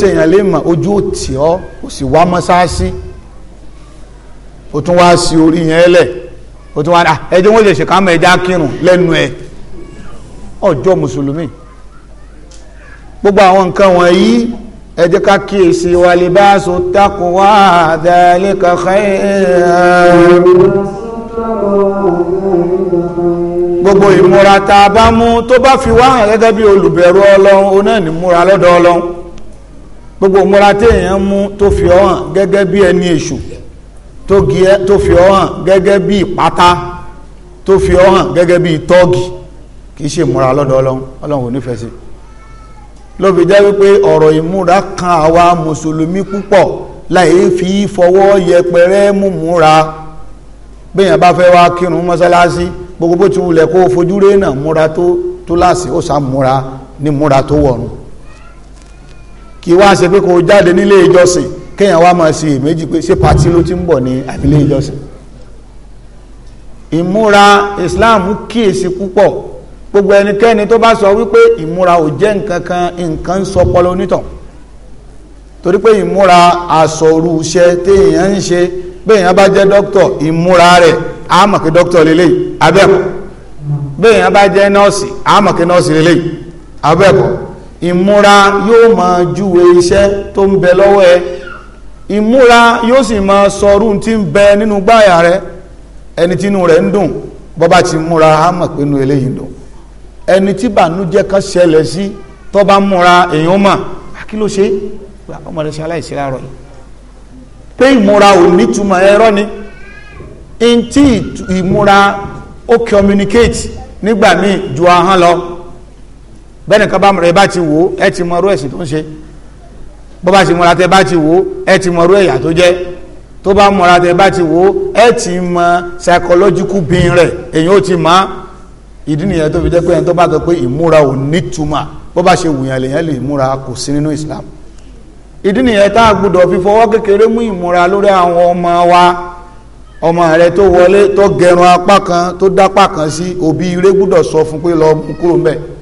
sèyàn lè mọ ojú ò ọ kò sì wá mọ́sáàsì o tún wá sí orí yẹn lẹ̀ o tún wá ní ah, ẹjẹ́ wọ́n lè ṣèkà mọ́ ẹja kírun lẹ́nu ẹ̀ ọjọ́ mùsùlùmí gbogbo àwọn nǹkan wọ̀nyí ẹ jẹ́ ká kíyèsí wa libasu taqwa dhalika khair gbogbo ìmúra tá a bá mú tó bá fi wá hàn gẹ́gẹ́ bí olùbẹ̀rù ọlọ́run onáà ní múra lọ́dọ̀ ọlọ́run gbogbo múra téèyàn mú tó fi ọ hàn gẹ́gẹ́ bí ẹni èṣù tó fi ọ hàn gẹ́gẹ́ bí ìpátá tó fi ọ hàn gẹ́gẹ́ bí tọ́ọ̀gì kì í ṣe múra lọ́dọ̀ ọlọ́run ọlọ́run ò nífẹ̀ẹ́ sí ló fi jẹ́ wípé ọ̀rọ̀ ìmúra kan àwa mùsùlùmí púpọ̀ láì fi fọwọ́ yẹpẹrẹ múmúra béèyàn bá fẹ́ wá kírun mọ́sálásí gbogbo bó ti wulẹ̀ kó fojú rénà múra tó tó láàsì ó sá múra ní múra tó wọ̀run kì wá ṣe pé kò jáde nílé ìjọsìn kéèyàn wá máa ṣe èméjì pé ṣé pati ló ti ń bọ̀ ní àbílẹ̀ ìjọsìn ìmúra Islam kíyèsí púpọ̀ gbogbo ẹnikẹ́ni tó bá sọ wípé ìmúra ò jẹ́ nǹkan kan nǹkan sọ pọlọ torí pé ìmúra àsọ̀rù iṣẹ́ téèyàn ń ṣe béèyàn bá jẹ́ dókítọ̀ ìmúra rẹ̀ á mọ̀ pé dókítọ̀ lélẹ̀ abẹ́ẹ̀kọ́ béèyàn bá jẹ́ nọ́ọ̀sì á mọ̀ pé nọ́ọ̀sì lélẹ̀ ìmúra yóò máa júwe iṣẹ́ tó ń bẹ lọ́wọ́ ẹ ìmúra yóò sì máa sọrú tí ń bẹ nínú gbáyà rẹ ẹni tínú rẹ ń dùn bọ́bá ti múra á mọ̀ pé inú eléyìí dùn ẹni tí bànújẹ́ kan ṣẹlẹ̀ sí tó bá múra èèyàn mà ṣe ọmọ ṣe aláìsí ni ntí ìmúra ó bẹ́ẹ̀ni kan bá mọ̀rọ̀ ẹ bá ti wò ó ẹ ti mọ̀rọ̀ ẹ̀sìn tó ń ṣe bó bá ti mọ̀ra tẹ bá ti wò ẹ ti mọ̀rọ̀ ẹ̀yà tó jẹ́ tó bá mọ̀ra tẹ bá ti wò ẹ ti mọ̀ psychological being rẹ̀ èyàn ó ti mọ̀ ìdí nìyẹn tó fi jẹ́ pé ẹni tó bá sọ pé ìmúra ò nítumọ̀ bó bá ṣe wùyàn lèyàn lè múra kò sí nínú Islam ìdí nìyẹn tá a gbọ́dọ̀ fífọwọ́ kékeré mú ìmúra lórí àwọn ọmọ wa ọmọ rẹ tó wọlé tó gẹrun apá kan tó dápá kan sí òbí rẹ gbọ́dọ̀ sọ fún pé lọ mú kúrò mbẹ́ẹ̀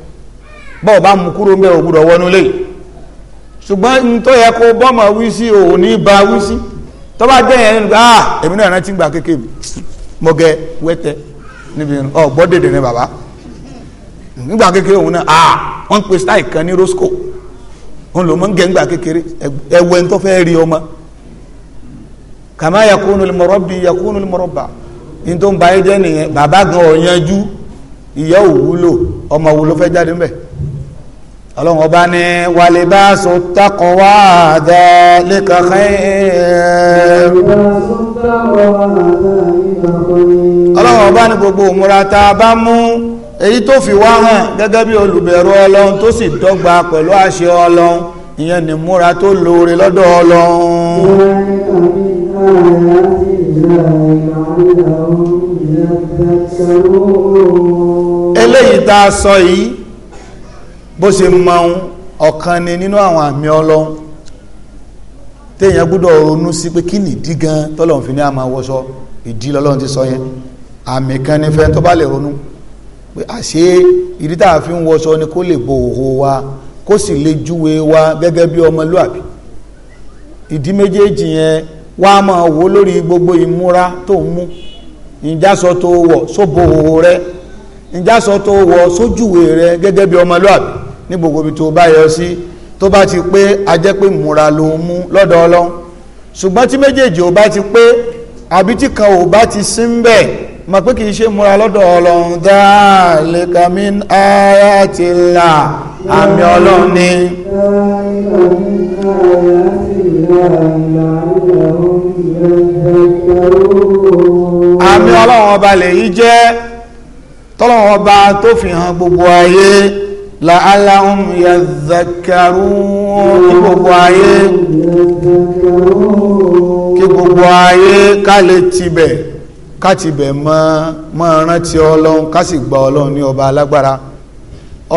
bọ́ọ̀ bá mú kúrò mẹ́rọ gbúdọ̀ wọnú lé ṣùgbọ́n n tó yẹ kó bọ́mọ̀ wí sí ní bá ah èmi náà rántí gbà kéke gẹ ọ bàbá náà ah wọ́n pe style kan ní rosco òun ló mọ̀ ń kékeré ń tó fẹ́ rí ọmọ kàmá yakunu yakunu ní tó ń ba ẹ jẹ́ nìyẹn bàbá gan ọ̀ yanjú ìyá òwúlò ọmọ òwúlò fẹ́ ọlọ́run ọba ní walibasu taqwa dhalika khair ọlọ́run ọba ní gbogbo òmùra tá a bá mú èyí tó fi wá hàn gẹ́gẹ́ bí olùbẹ̀rù ọlọ́run tó sì dọ́gba pẹ̀lú àṣẹ ọlọ́run ìyẹn ni múra tó lóore lọ́dọ̀ ọlọ́run eléyìí tá a sọ yìí bó ṣe mọ́un ni nínú àwọn àmì ọlọ́run téèyàn gbọ́dọ̀ ronú sí pé kí nìdí gan tọ́lọ́run fi ní àmà wọṣọ ìdí lọ́lọ́run ti sọ yẹn àmì kan ní fẹ́ tó bá lè ronú pé àṣé ìdí tá a ni kó lè bo wa kó sì lè wa gẹ́gẹ́ bí ìdí méjèèjì yẹn wá máa wò lórí gbogbo ìmúra tó ń mú ìjásọ tó ìjásọ tó wọ sójúwe rẹ gẹ́gẹ́ bí ọmọlúàbí ní gbogbo ibi tó bá yọ sí tó bá ti pé a jẹ́ pé múra ló ń mú lọ́dọ̀ ọlọ́run ṣùgbọ́n tí méjèèjì ò bá ti pé àbí tí kan ò bá ti sí ń bẹ̀ mọ̀ pé kì í ṣe múra lọ́dọ̀ ọlọ́run dhalika min ayatillah àmì ọlọ́run ni àmì ọlọ́run ọba lèyí jẹ́ kọ́lọ́wọ́n ọba tó fi hàn gbogbo ayé la'allahum yadhakkarun kí gbogbo ayé kí gbogbo ayé ká lè tibẹ̀ ká tibẹ̀ mọ́ mọ́ rántí ọlọ́run ká sì gba ọlọ́run ní ọba alágbára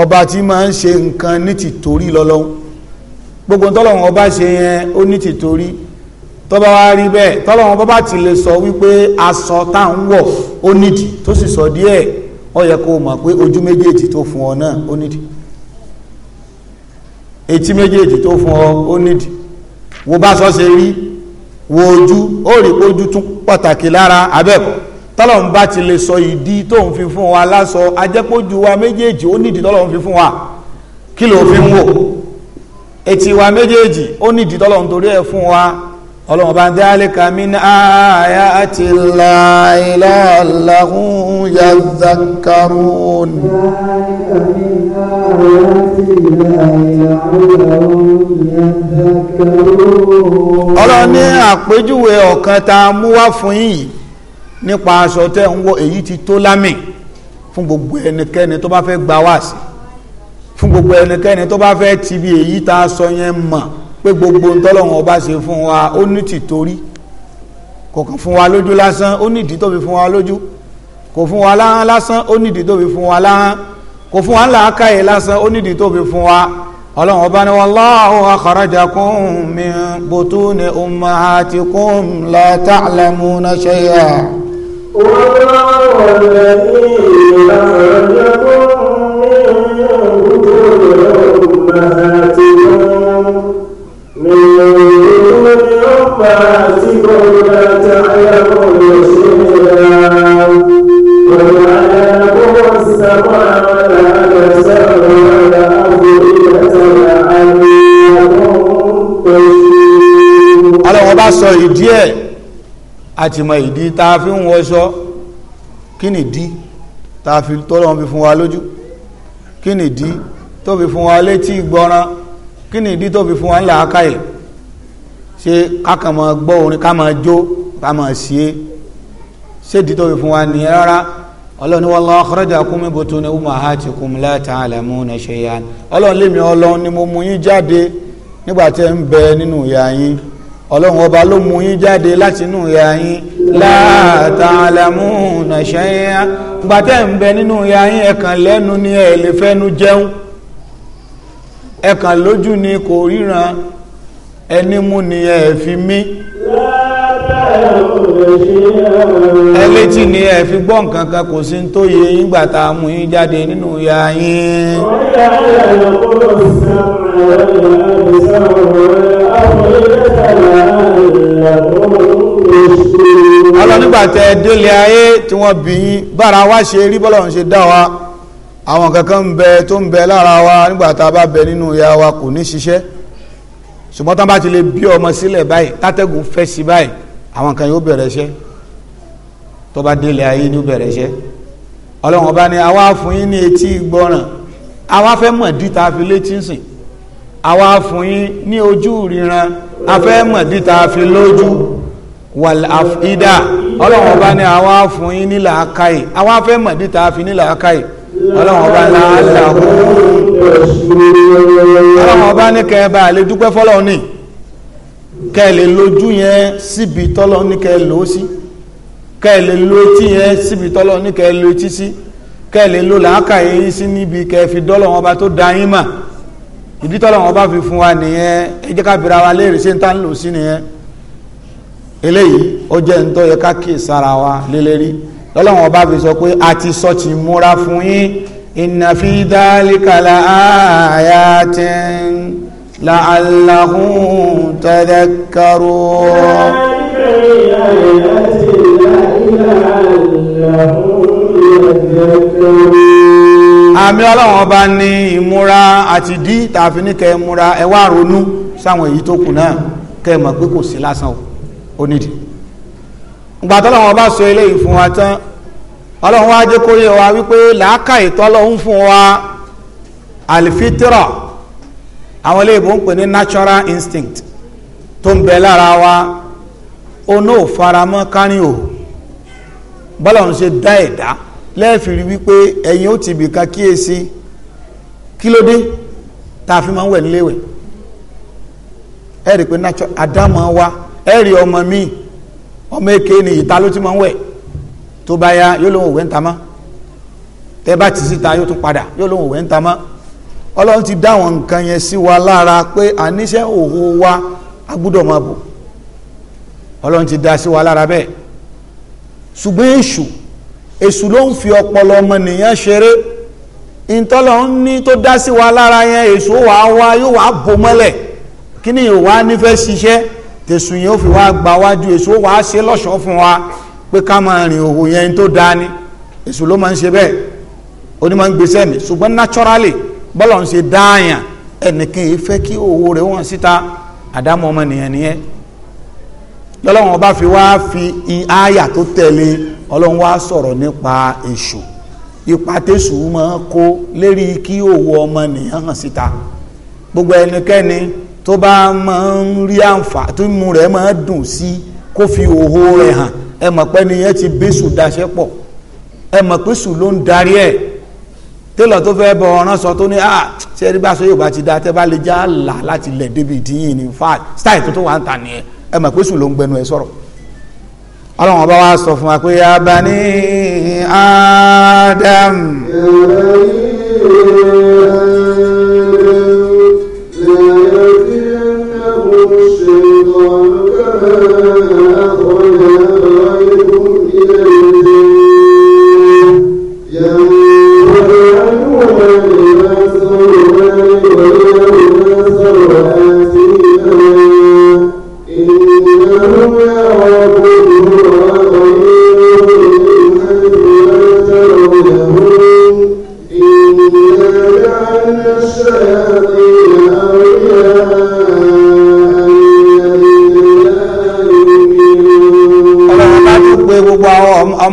ọba tí máa ń ṣe nǹkan ní tìtorí lọ́lọ́run gbogbo tọ́lọ́wọ́n ọba ṣe yẹn ó ní tìtorí tọba wa rí bẹ́ẹ̀ tọ́lọ́wọ́n bá ti lè sọ wípé aṣọ tá à ń wọ̀ ó nídìí tó sì sọ díẹ̀ ó yẹ kó o mọ̀ pé ojú méjèèjì tó fún ọ náà ó nídìí etí méjèèjì tó fún ọ ó nídìí wo bá sọ ṣe rí wo ojú ó rí ojú tún pàtàkì lára abẹ́ẹ̀kọ́ tọ́lọ́run bá ti lè sọ ìdí tó ń fi fún wa lásọ ajẹ́pọ̀jú wa méjèèjì ó nídìí tọ́lọ́run fi fún wa kí ló fi ń wò etí wa méjèèjì ó nídìí tọ́lọ́run torí ẹ̀ fún wa ọlọ́run bá ń dé àlékà mí ní àyà àti láìlá làhùn yàzàkàrún. ọlọ́run ní àpèjúwe ọ̀kan tá a mú wá fún yìí nípa aṣọ tẹ́ ń wọ èyí tí tó lámì fún gbogbo ẹnikẹ́ni tó bá fẹ́ gba wáàsí fún gbogbo ẹnikẹ́ni tó bá fẹ́ tìbí èyí tá a sọ yẹn mọ̀ pé gbogbo ń tọ́lọ́wọ́n ọba ṣe fún wa ó ní tìtorí kò kàn fún wa lójú lásán ó ní ìdí tó fi fún wa lójú kò fún wa láhán lásán ó ní ìdí tó fi fún wa láhán kò fún wa ńlá káyè lásán ó ní ìdí tó fi fún wa ọlọ́run ọba ni wallahu akhrajakum min butuni ummahatikum la ta'lamuna shay'a. والله الذي أخرجكم من بطون أمهاتكم sọ ìdí ẹ̀ àtìmọ̀ ìdí ta fi ń wọṣọ kí ni ìdí ta fi tọ́lọ́ fi fún wa lójú kí ni ìdí tó fi fún wa létí ìgbọ́ràn kí ni ìdí tó fi fún wa ńlá akáyè ṣé kákan máa gbọ́ orin ká máa jó ká máa ṣe é ṣé dìtò fi fún wa nìyẹn rárá ọlọ́run ní wallahu akhrajakum min butuni ummahatikum la ta'lamuna shay'an ọlọ́run lèmi ọlọ́run ni mo mú yín jáde nígbà tí ẹ ń bẹ nínú ìyá yín ọlọ́run ọba ló mú yín jáde láti inú ìyá yín la ta'lamuna shay'an nígbà tí ẹ ń bẹ nínú ìyá yín ẹ̀kàn lẹ́nu ni ẹ̀ lè fẹ́nu jẹun ẹ̀kàn lójú ni kò ríran ẹni mú ni ẹ fi mí ẹlẹ́tì ni ẹ fi gbọ́ nǹkan kan kò sí tó yẹ nígbà tá a mú yín jáde nínú ya yín ọlọ́nígbà tẹ délé ayé tí wọ́n bí yín bára wá ṣe rí bọ́lọ́run ṣe dá wa àwọn kankan ń bẹ tó ń bẹ lára wa nígbà tá a bá bẹ nínú ya wa kò ní ṣiṣẹ́ ṣùgbọ́n tán bá ti lè bí ọmọ sílẹ̀ báyìí tátẹ́gùn fẹ́ sí báyìí àwọn kan yóò bẹ̀rẹ̀ iṣẹ́ tó bá délé ayé ni ó bẹ̀rẹ̀ iṣẹ́ ọlọ́run ọba ni àwa fún yín ní etí gbọ́ràn àwa fẹ́ mọ̀ díta fi létí sìn àwa fún yín ní ojú ríran a fẹ́ mọ̀ díta fi lójú wàl àfidà ọlọ́run ọba ni àwa fún yín ní làákàyè àwa fẹ́ mọ̀ díta fi ní làákàyè ọlọ́run ọba náà dàhùn ọlọ́run ọba ní kẹba lè dúpẹ́ fọ́lọ́run ní kẹ́ lè lójú yẹn síbi tọ́lọ́ ní kẹ́ lò ó sí kẹ́ lè lo etí yẹn síbi tọ́lọ́ ní kẹ́ lo etí sí kẹ́ lè lo làákàyè yín sí níbi kẹ́ fi dọ́lọ́ ọba tó da yín mà ìdí tọ́lọ́ ọba fi fún wa nìyẹn ẹ ká bìíra wa léèrè ṣé ń tá lò sí nìyẹn eléyìí ó jẹ́ ń tọ́ yẹ ká kíyèsára wa lélẹ́rí lọ́lọ́wọ́n ọba fi sọ pé a ti sọ ti múra fún yín inna fi dhalika la ayatin la'allahum tadhakkarun. àmì ọlọ́wọ́n ọba ní ìmúra àti dí tààfin ní kẹ́ múra ẹ wá ronú sáwọn èyí tó kù náà kẹ́ mọ̀ pé kò sí lásán o nídìí ìgbà ọba sọ eléyìí fún wa tán ọlọ́run wá jẹ́ kó yé wa wípé làákà ìtọ́lọ́hún fún wa alifitira àwọn iléèbó ń pè ní natural instinct tó ń bẹ lára wa oná ò faramọ́ kárin o bọ́lọ́run ṣe dá ẹ̀dá lẹ́ẹ̀fìrí wípé ẹ̀yin ó ti bìkan kíyèsí kí ló dé tá a fi máa ń wẹ̀ níléèwẹ̀ ẹ̀rí pé natural àdámọ́ wa ẹ̀rí ọmọ mi ọmọ èké ni ìta ló ti máa ń wẹ̀ tó bá yá yóò lóun òwe ń ta mọ́ tẹ́ bá ti síta yóò tún padà yóò lóun òwe ń ta mọ́ ọlọ́run ti dá àwọn nǹkan yẹn sí wa lára pé àníṣe òhò wa a gbúdọ̀ máa bò ọlọ́run ti dá sí wa lára bẹ́ẹ̀ ṣùgbọ́n èṣù èṣù ló ń fi ọpọlọ ọmọnìyàn ṣeré ìtọ́lọ̀ ń ní tó dá sí wa lára yẹn èṣù wà wá yóò wá bò mọ́lẹ̀ kí ni ìwà nífẹ̀ẹ́ ṣiṣẹ́ tẹ̀sùn yẹn ó fi wá gbà wájú èṣù wà á ṣe lọ́ṣọ̀ọ́ fún wa pé ká máa rìn òwò yẹn tó dáa ni èṣù ló máa ń ṣe bẹ́ẹ̀ onímọ̀ ń gbèsè mi ṣùgbọ́n naturally bọ́lọ̀ ń ṣe dáàyàn ẹnìkan yìí fẹ́ kí òwò rẹ̀ wọ̀n síta àdámọ́ ọmọ nìyẹn nìyẹn lọ́lọ́run ọba fi wá fi àyà tó tẹ̀lé ọlọ́run wá sọ̀rọ̀ nípa èṣù ipa tẹ̀sù máa kó lérí kí òwò ọmọ nìyẹn hàn síta gbogbo ẹnikẹ́ni tó bá máa ń rí àǹfà tó mú rẹ̀ máa dùn sí i kó fi òhó rẹ̀ hàn ẹ mọ̀ pé nìyẹn ti bẹ́sù daṣẹ́ pọ̀ ẹ mọ̀ pé sùn ló ń darí ẹ̀ télọ̀ tó fẹ́ bọ ọ̀ràn sọ tó ní ah ṣe rí bá aṣọ yorùbá ti da tẹ́ bá lè já là láti lẹ̀ débi ìdíyìn ní fáàlì style tó tó wà ń tà nìyẹn ẹ mọ̀ pé sùn ló ń gbẹnu ẹ sọ̀rọ̀ ọlọ́run ọba wa sọ fún wa pé abani adam.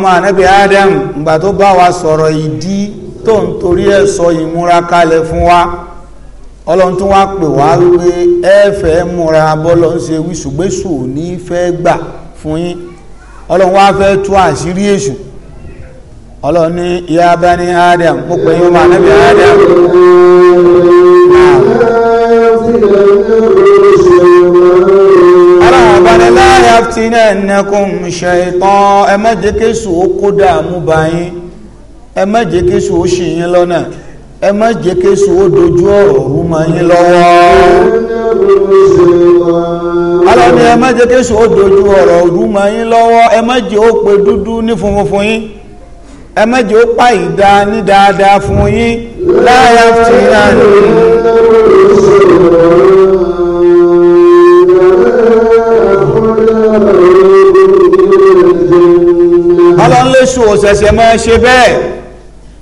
ọmọ ànábì Adam ìgbà tó bá wa sọ̀rọ̀ ìdí tó ń torí ẹ̀ sọ ìmúra fún wa ọlọ́run tún wá pè wá wípé ẹ fẹ́ múra bọ́lọ́ ń ṣe gbà fún yín ọlọ́run wá fẹ́ tú àṣírí èṣù ọlọ́run ní Adam pè yín ọmọ Adam. wala yaftinannakum shaytan ẹ má jẹ́ kéṣù ó kó dààmú bá yín ẹ má jẹ́ kéṣù ó ṣì yín lọ́nà ẹ má jẹ́ kéṣù ó dojú ọ̀rọ̀ rú mọ́ yín lọ́wọ́ alọ́ni ẹ ó dojú ọ̀rọ̀ rú mọ́ yín lọ́wọ́ ẹ ó pe dúdú ní funfun yín ẹ ó pa ìdá ní dáadáa fún yín la yaftinannakum ọlọ́nlẹ́sù òṣẹ̀ṣẹ̀ máa ṣe bẹ́ẹ̀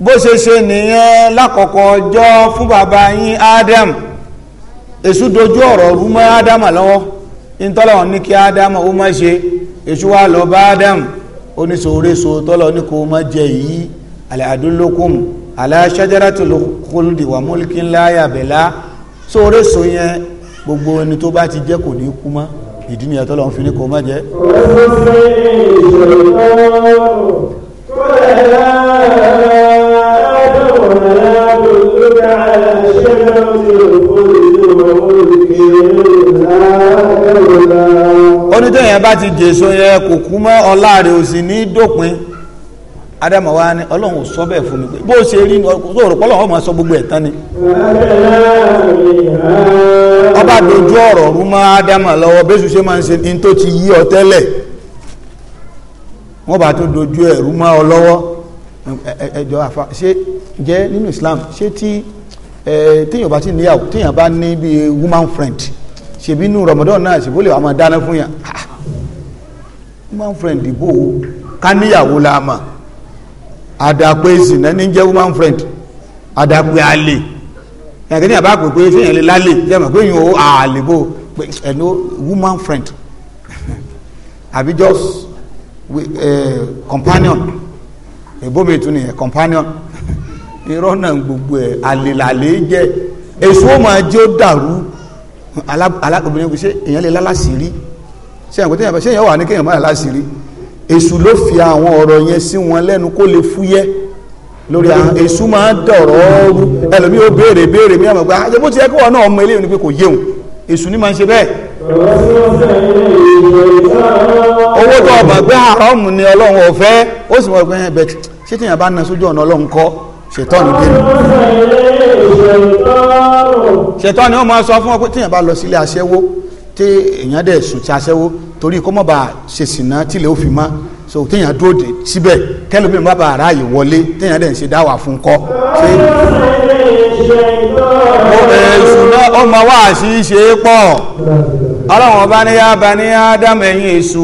bó ṣe ṣe nìyẹn lákọ̀ọ́kọ́ ọjọ́ fún bàbá yín Adam èṣù dojú ọ̀rọ̀ rú mọ́ Adam lọ́wọ́ ìtọ́lọ̀ ní kí Adam ó má ṣe èṣù wá lọ bá Adam oníṣòreṣò tọ́lọ̀ ní kó má jẹ yìí àdúlókùn aláṣájáratì lókùnlùdì wà mọ́líkínláyàbẹ̀lá sóoreṣò yẹn gbogbo ẹni tó bá ti jẹ kò ní kú mọ́ ìdí nìyẹn tó lọ́n fi ní kó má jẹ́ onídẹ̀yẹn bá ti jèso yẹ kò kú mọ́ ọlá rẹ̀ ní dópin adama wa ni ọlọ́run ò sọ bẹ́ẹ̀ fún mi pé bó ṣe rí tó rò pọ́lọ́ ọmọ sọ gbogbo ẹ̀ tán ni. ọba dojú ọ̀rọ̀ rú mọ́ adama lọ́wọ́ bẹ́sù ṣe máa ń ṣe ní tó ti yí ọ tẹ́lẹ̀ wọ́n bá tó dojú ẹ̀ rú mọ́ ọ lọ́wọ́ ẹjọ́ àfa ṣe jẹ́ nínú Islam ṣé tí téèyàn bá ti níyàwó téèyàn bá ní bí woman friend ṣèbí inú Ramadan náà ṣèbó lè wà máa dáná fún yàn ah, woman friend ìbò ká níyàwó la máa àdàpé ìsìnà ní jẹ́ woman friend àdàpé àlè ẹ̀kẹ́ ní àbá pè pé fíyàn lè lálè jẹ́mọ̀ pé yìí ó àlè bó pé ẹ̀nu woman friend àbí just eh, companion ìbómi tún nìyẹn companion irọ́ náà gbogbo ẹ̀ àlèlàlè jẹ́ èso máa jẹ́ ó dàrú alábìnrin kò ṣe èèyàn lè lálàsírí ṣé àwọn tó yàn bá ṣé èèyàn wà ní kéèyàn má lálàsírí èṣù ló fi àwọn ọ̀rọ̀ yẹn sí wọn lẹ́nu kó lè fúyẹ́ lórí àwọn èṣù máa ń dọ̀rọ̀ ọ́rú ẹlòmí ó béèrè béèrè mi àmọ̀gbá ajé ah, bó ti yẹ kí wọn náà mọ eléyìí ni pé kò yéhùn èṣù ní máa ń ṣe bẹ́ẹ̀. owó tó ọmọ gbé àrọ́mù ni ọlọ́run ọ̀fẹ́ ó sì mọ̀ pé ẹ eh, bẹ̀ ṣé tíyàn bá na sójú ọ̀nà ọlọ́run kọ́ ṣètọ́ni dénú. ṣètọ́ni ó máa sọ fún ọ tí èèyàn dẹ̀ sùn tí aṣẹ́wó torí kó mọ̀ bá ṣe sìnà tílẹ̀ ó fi mọ́ so téèyàn dúró dé síbẹ̀ kẹlẹ́mi bá bá aráàyè wọlé téèyàn dẹ̀ ń ṣe dáwà fún kọ́. èsùn náà ó mọ wá sí í ṣe é pọ̀ ọlọ́run ọba ní yá bá ní ádámù ẹ̀yìn èṣù.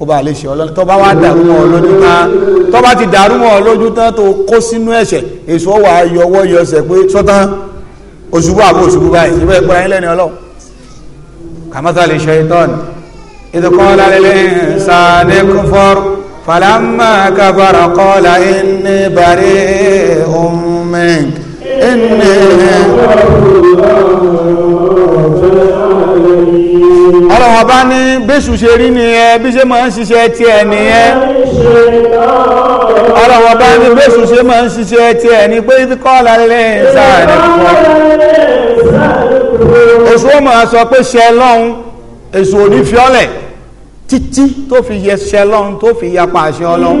kó bá lè ṣe ọlọ́ni tó bá wá dàrú wọn lójú tán tó bá ti dàrú wọn lójú tán tó kó sínú ẹ̀ṣẹ̀ èso wà yọwọ́ yọsẹ̀ pé sọ́tán òṣùbù àbò òṣùbù báyìí ìbẹ̀ ìpọ̀ ẹ̀yìn lẹ́ni ọlọ́run kàmátà lè ṣe ìtọ́ni ìdíkọ́lá lè sàdé kúfọ́r fàlámà kàbàrà kọ́lá ìní bàrí omi ìní ọlọ́wọ́n bá ní bẹ́sù ṣe rí ni ẹ bí ṣe máa ń ṣiṣẹ́ ti ẹ̀ nìyẹn ọlọ́wọ́n bá ní bẹ́sù ṣe máa ń ṣiṣẹ́ ti ẹ̀ ní pé kọ́lá lè sáàrẹ̀ fún èṣù ó máa sọ pé ṣe lọ́hun èṣù ò fiọ́lẹ̀ títí tó fi yẹ ṣe lọ́hun tó fi yapa àṣẹ ọlọ́hun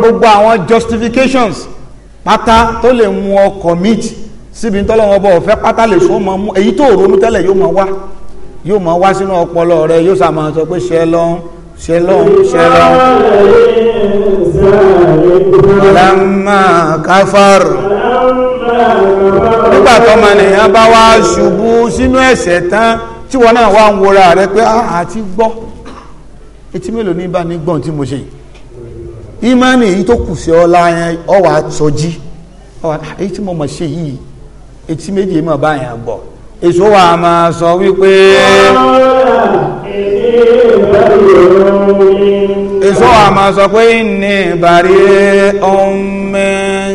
gbogbo àwọn justifications pátá tó lè mú ọ commit síbi tọ́lọ́wọ́ bọ̀ ọ̀fẹ́ pátá lè sún mọ́ mú èyí tó ronú tẹ́lẹ̀ yóò máa wá yóò máa wá sínú ọpọlọ rẹ yóò sàmà sọ pé ṣe lọ́n ṣe lọ́n ṣe lọ́n. lámà káfàr nígbà tọ́mọ nìyẹn bá wá ṣubú sínú ẹ̀ṣẹ̀ tán tí wọn náà wá ń wora rẹ pé àti gbọ́ etí mélòó ní bá ní gbọ́n tí mo ṣe ìmánì èyí tó kù sí ọ láyẹn ọwà sọjí ọwà èyí tí mo mọ̀ ṣe yìí etí méjì mọ̀ báyà gbọ́ èso wa máa sọ wípé èso wa máa sọ pé ní ìbàrí ọmọ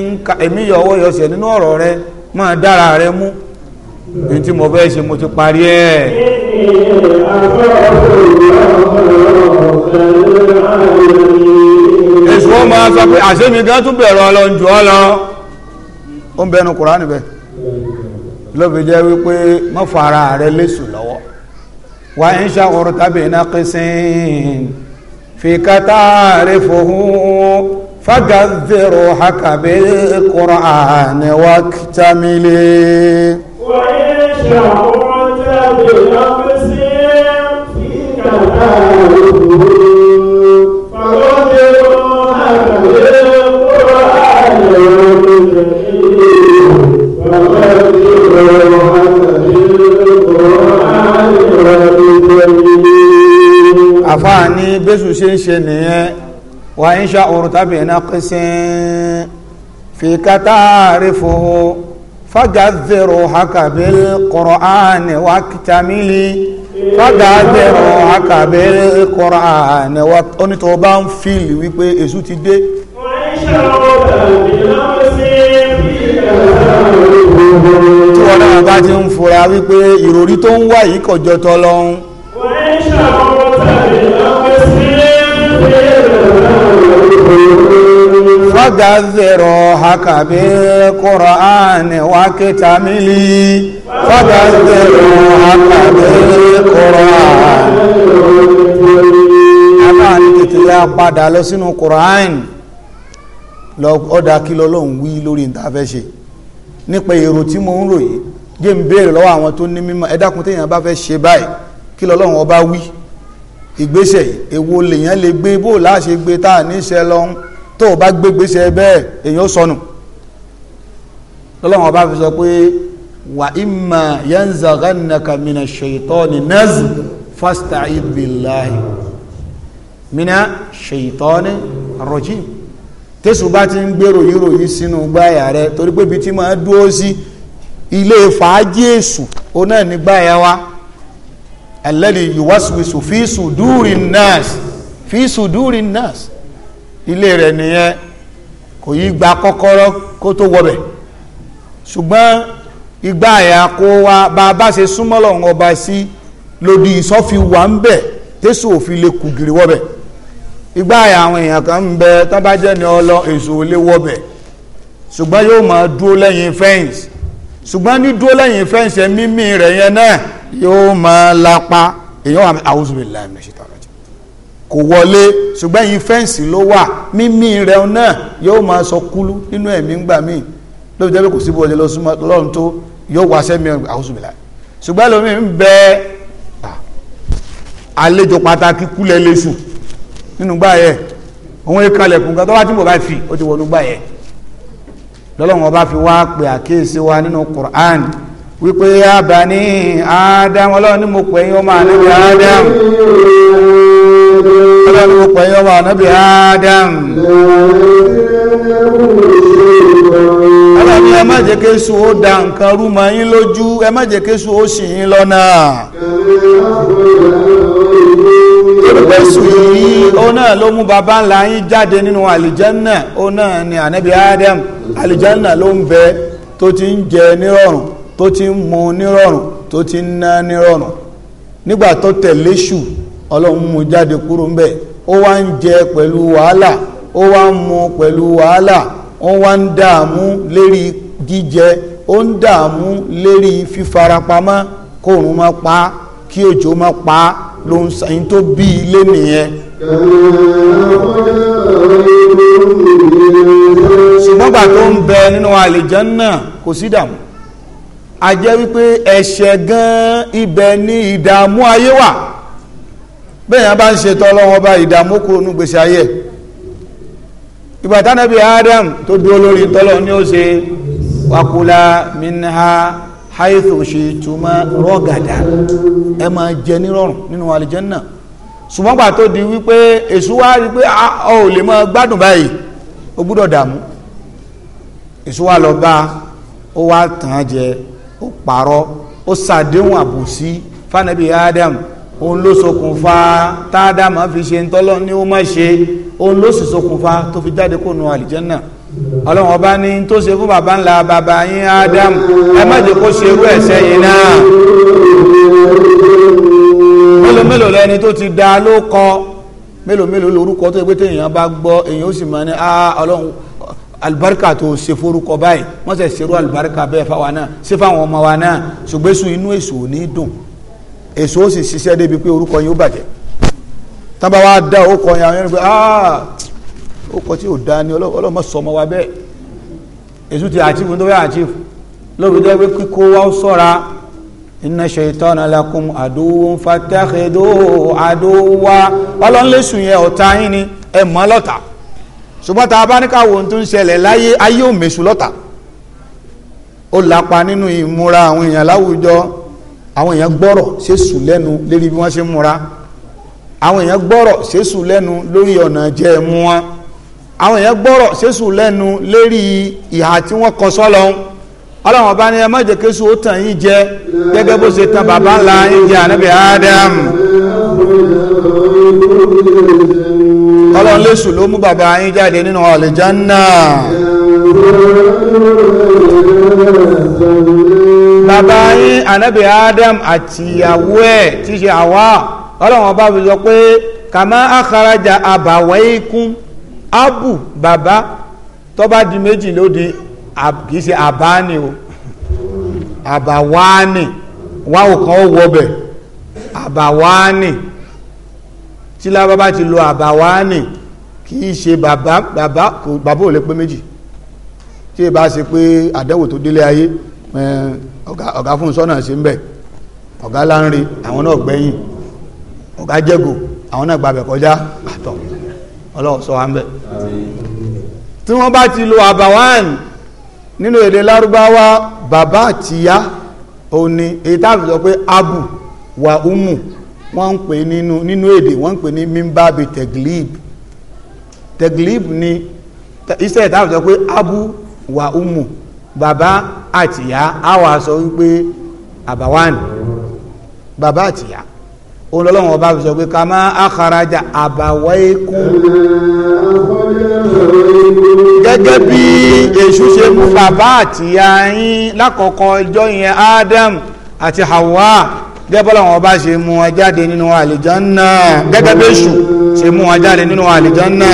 nǹka èmi yọwọ́ yọsẹ̀ nínú ọ̀rọ̀ rẹ máa dára rẹ mú ní tí mo fẹ́ ṣe mo ti parí ẹ̀ èso máa sọ pé àṣẹ́mi gan tún bẹ̀rọ ọlọ́njọ́ lọ ó ń bẹnu Kùránì bẹ́ẹ̀ ló jẹ́ wípé fara rẹ lọ́wọ́ wà ń tàbí iná fi rẹ fòhún hakabe wa kitamile. wà ń tàbí iná fi rẹ fòhún. àfáà ní bẹ́sù se ń se nìyẹn wà ń ṣá òrùn tàbí ẹ̀nà pínṣín fi kátà rí fòó fagazero hakabil qur'an wa kitamili fagazero hakabil qur'an wa onítọ̀ bá ń fíìlì wípé èṣù ti dé tí wọ́n náà bá ti ń fura wípé ìròrí tó ń wá yìí kọjọ tọ́lọ́hún. wọ́n ń ṣàkóso fagazero hakabe qur'ani wa kitamili fagazero hakabe qur'ani aláàánú kékeré apadà lọ sínú qur'ani lọ ọdà kìlọ lọ ń wí lórí ìtafẹ́ ṣe nípa èrò tí mo ń ròyìn jẹ́ ń béèrè lọ́wọ́ àwọn tó ní mímọ̀ ẹ dákun téèyàn bá fẹ́ ṣe báyìí kí lọ́lọ́run ọba wí ìgbésẹ̀ yìí èwo lèèyàn lè gbé bó láṣẹ gbé tá à níṣẹ́ lọ tó o bá gbé gbésẹ̀ bẹ́ẹ̀ èèyàn sọnù lọ́lọ́wọ́n bá fi sọ pé wà ìmà yanzaghannaka mina shaytani nazg fasta'id billahi mina shaytani rajim tẹ́sù bá ti ń gbé ròyìn ròyìn sínú gbáyà rẹ torí pé ibi tí máa dúró sí ilé fàájì èṣù ó ní gbáyà wa alladhi yuwaswisu fi sùdúrì nas fi sùdúrì nas ilé rẹ̀ nìyẹn kò yí gba kọ́kọ́rọ́ kó tó wọbẹ̀ ṣùgbọ́n ìgbà àyà kó wa bá a bá ṣe súnmọ́ lọ́wọ́ ọba sí lòdì ìsọ́fi wà ń bẹ̀ tẹ́sù òfin lè kù gìrì wọbẹ̀ ìgbà àyà àwọn èèyàn kan ń bẹ tán bá jẹ́ ni ọlọ èso lè wọbẹ̀ ṣùgbọ́n yóò máa dúró lẹ́yìn fẹ́ǹsì ṣùgbọ́n ní dúró lẹ́yìn fẹ́ǹsì mímí rẹ̀ yẹn náà yóò máa lápá èèyàn wà a'udhu billahi minash shaitani rajim kò wọlé ṣùgbọ́n yìí fẹ́ǹsì ló wà mímí rẹ̀ náà yóò máa sọ kúlú nínú ẹ̀mí ńgbà míì lóbi jẹ́ pé kò síbi ọ̀lẹ́ lọ́run tó yóò wá sẹ́mi a'udhu billahi ṣùgbọ́n lómi ń bẹ àlejò pàtàkì kúlẹ̀ lẹ́sù nínú gbà yẹ òun ìkàlẹ̀kùn kan tó bá tí mo bá fi ó ti wọnú gbà yẹ lọ́lọ́run ọba fi wá pè àkíyèsí wa nínú Qur'an wípé àbá ní ádámù ọlọ́run ní mo pè yín ọmọ ànábì ádámù ọlọ́run mo pè yín ọmọ ànábì ádámù ọlọ́run ẹ má jẹ́ kéṣù ó da nǹkan rú yín lójú ẹ má jẹ́ kéṣù ó ṣì yín lọ́nà olùgbèsù yìí òun náà ló mú baba ńlá yín jáde nínú àlìjánná òun náà ni ànábì ádámù àlìjánná ló ń bẹ tó ti ń jẹ nírọ̀rùn tó ti ń mu nírọ̀rùn tó ti ń ná nírọ̀rùn nígbà tó tẹ̀lé ṣù jáde kúrò ń bẹ̀ ó wá ń jẹ pẹ̀lú wàhálà ó wá ń mu pẹ̀lú wàhálà ó wá ń dààmú lérí jíjẹ ó ń dààmú lérí fífarapamọ́ kóòrùn pa á kí òjò pa á ló ń tó bí ilé nìyẹn. ṣùgbọ́n gbà tó ń bẹ nínú kò sí a jẹ́ wípé ẹ̀ṣẹ̀ gan ibẹ̀ ni ìdààmú ayé wà bẹ́ẹ̀ yẹn bá ń ṣe tọ́lọ́wọ́ bá ìdààmú kò nù gbèsè ayé ìgbà tánàbí Adam tó dúró lórí tọ́lọ́ ni ó ṣe wakula minha haithu shituma rọ́gàdà ẹ máa jẹ nírọ̀rùn nínú àlìjẹ́nnà ṣùgbọ́n gbà tó di wípé èṣù wá rí pé ọ ah, ò lè máa gbádùn báyìí ó gbúdọ̀ dààmú èṣù wá lọ bá ó wá tàn án jẹ ó parọ́ ó ṣàdéhùn àbòsí fanabi adam òun ló ṣokùnfà tádàmà fi ṣe ntọ́lọ́ ní ó má ṣe òun ló sì ṣokùnfà tó fi jáde kó nu àlìjẹ́nà ọlọ́run ọba ní tó ṣe fún baba ńlá baba yín adam ẹ má jẹ́ kó ṣe irú ẹ̀ṣẹ̀ yìí náà mélòó mélòó lẹni tó ti da ló kọ mélòó mélòó lórúkọ tó yẹ pé téèyàn bá gbọ́ èèyàn ó sì máa ní ah, ọlọ́run alibarika tó ṣe forúkọ báyìí wọ́n sẹ̀ ṣerú alibarika bẹ́ẹ̀ fáwa náà ṣe fáwọn ọmọ wa náà ṣùgbẹ́sùn inú èso ò ní dùn èso ó sì ṣiṣẹ́ débi pé orúkọ yín ó bàjẹ́ tábà wá dá orúkọ yín àwọn yẹn pé ah, orúkọ tí ò dá ni ọlọ́mọ sọ ọmọ wa bẹ́ẹ̀ èso ti àtìfù tó fẹ́ àtìfù lóbi jẹ́ pé kíkó wa ó sọ̀ra inna shaytana lakum aduwwun fattakhidhuhu aduwwa ọlọ́nlẹ́sùn yẹn ọ̀tá ni ẹ̀ mọ́ ṣùgbọ́n tá a bá ní ká wo ohun tó ń ṣẹlẹ̀ láyé ayé ò mèṣù lọ́tà ó lapa nínú ìmúra àwọn èèyàn láwùjọ àwọn èèyàn gbọ́rọ̀ ṣe sù lẹ́nu lérí bí wọ́n ṣe múra àwọn èèyàn gbọ́rọ̀ ṣe sù lẹ́nu lórí ọ̀nà jẹ́ mú wọn àwọn èèyàn gbọ́rọ̀ ṣe sù lẹ́nu lérí ìhà tí wọ́n kọ sọ́lọ́hún ọlọ́run ọba ní ẹ má jẹ́ kéṣù ó tàn yín jẹ gẹ́gẹ́ bó ṣe tàn bàbá ńlá yín jẹ ọlọ́run léṣù ló mú bàbá yín jáde nínú àlìjánà bàbá yín anábì adam àti ìyàwó ẹ̀ tí ṣe àwa ọlọ́run ọba fi sọ pé kàmá àkàràjà àbàwẹ́ikún abu bàbá tó bá di méjì lóde kìí ṣe àbá ni o àbàwá ni wáwò kan ó wọ àbàwá ni tí lábábá ti lo àbáwáánì kì í ṣe bàbá bàbá kò bàbá ò lè pé méjì tí ìbá ṣe pé àdẹ́wò tó délé ayé ọ̀gá fún sọ́nà ṣe ń bẹ̀ ọ̀gá láńre àwọn náà gbẹ̀yìn ọ̀gá jẹ́gò àwọn náà gbàbẹ̀ kọjá àtọ̀ ọlọ́run sọ wa ń bẹ̀. tí wọ́n bá ti lo àbáwáàn nínú èdè lárúbáwá bàbá àtìyá òní èyí táàbù sọ pé abu wa umu wọ́n ń pè nínú nínú èdè wọ́n ń pè ní mimbabi teglib teglib ni iṣẹ́ ìtàn sọ pé abu wa umu baba àtìyá á wà sọ wípé àbáwáni bàbá àtìyá olólùwọ̀n ọba fi sọ pé ká máa àkàràjà àbàwáìkún gẹ́gẹ́ bí èṣù ṣe mú bàbá àtìyá yín lákọ̀ọ́kọ́ ọjọ́ yẹn Adam àti Hawa gẹ́gẹ́ bọ́lá wọn bá ṣe mú wọn jáde nínú àlìjánná gẹ́gẹ́ bí èṣù ṣe mú wọn jáde nínú àlìjánná.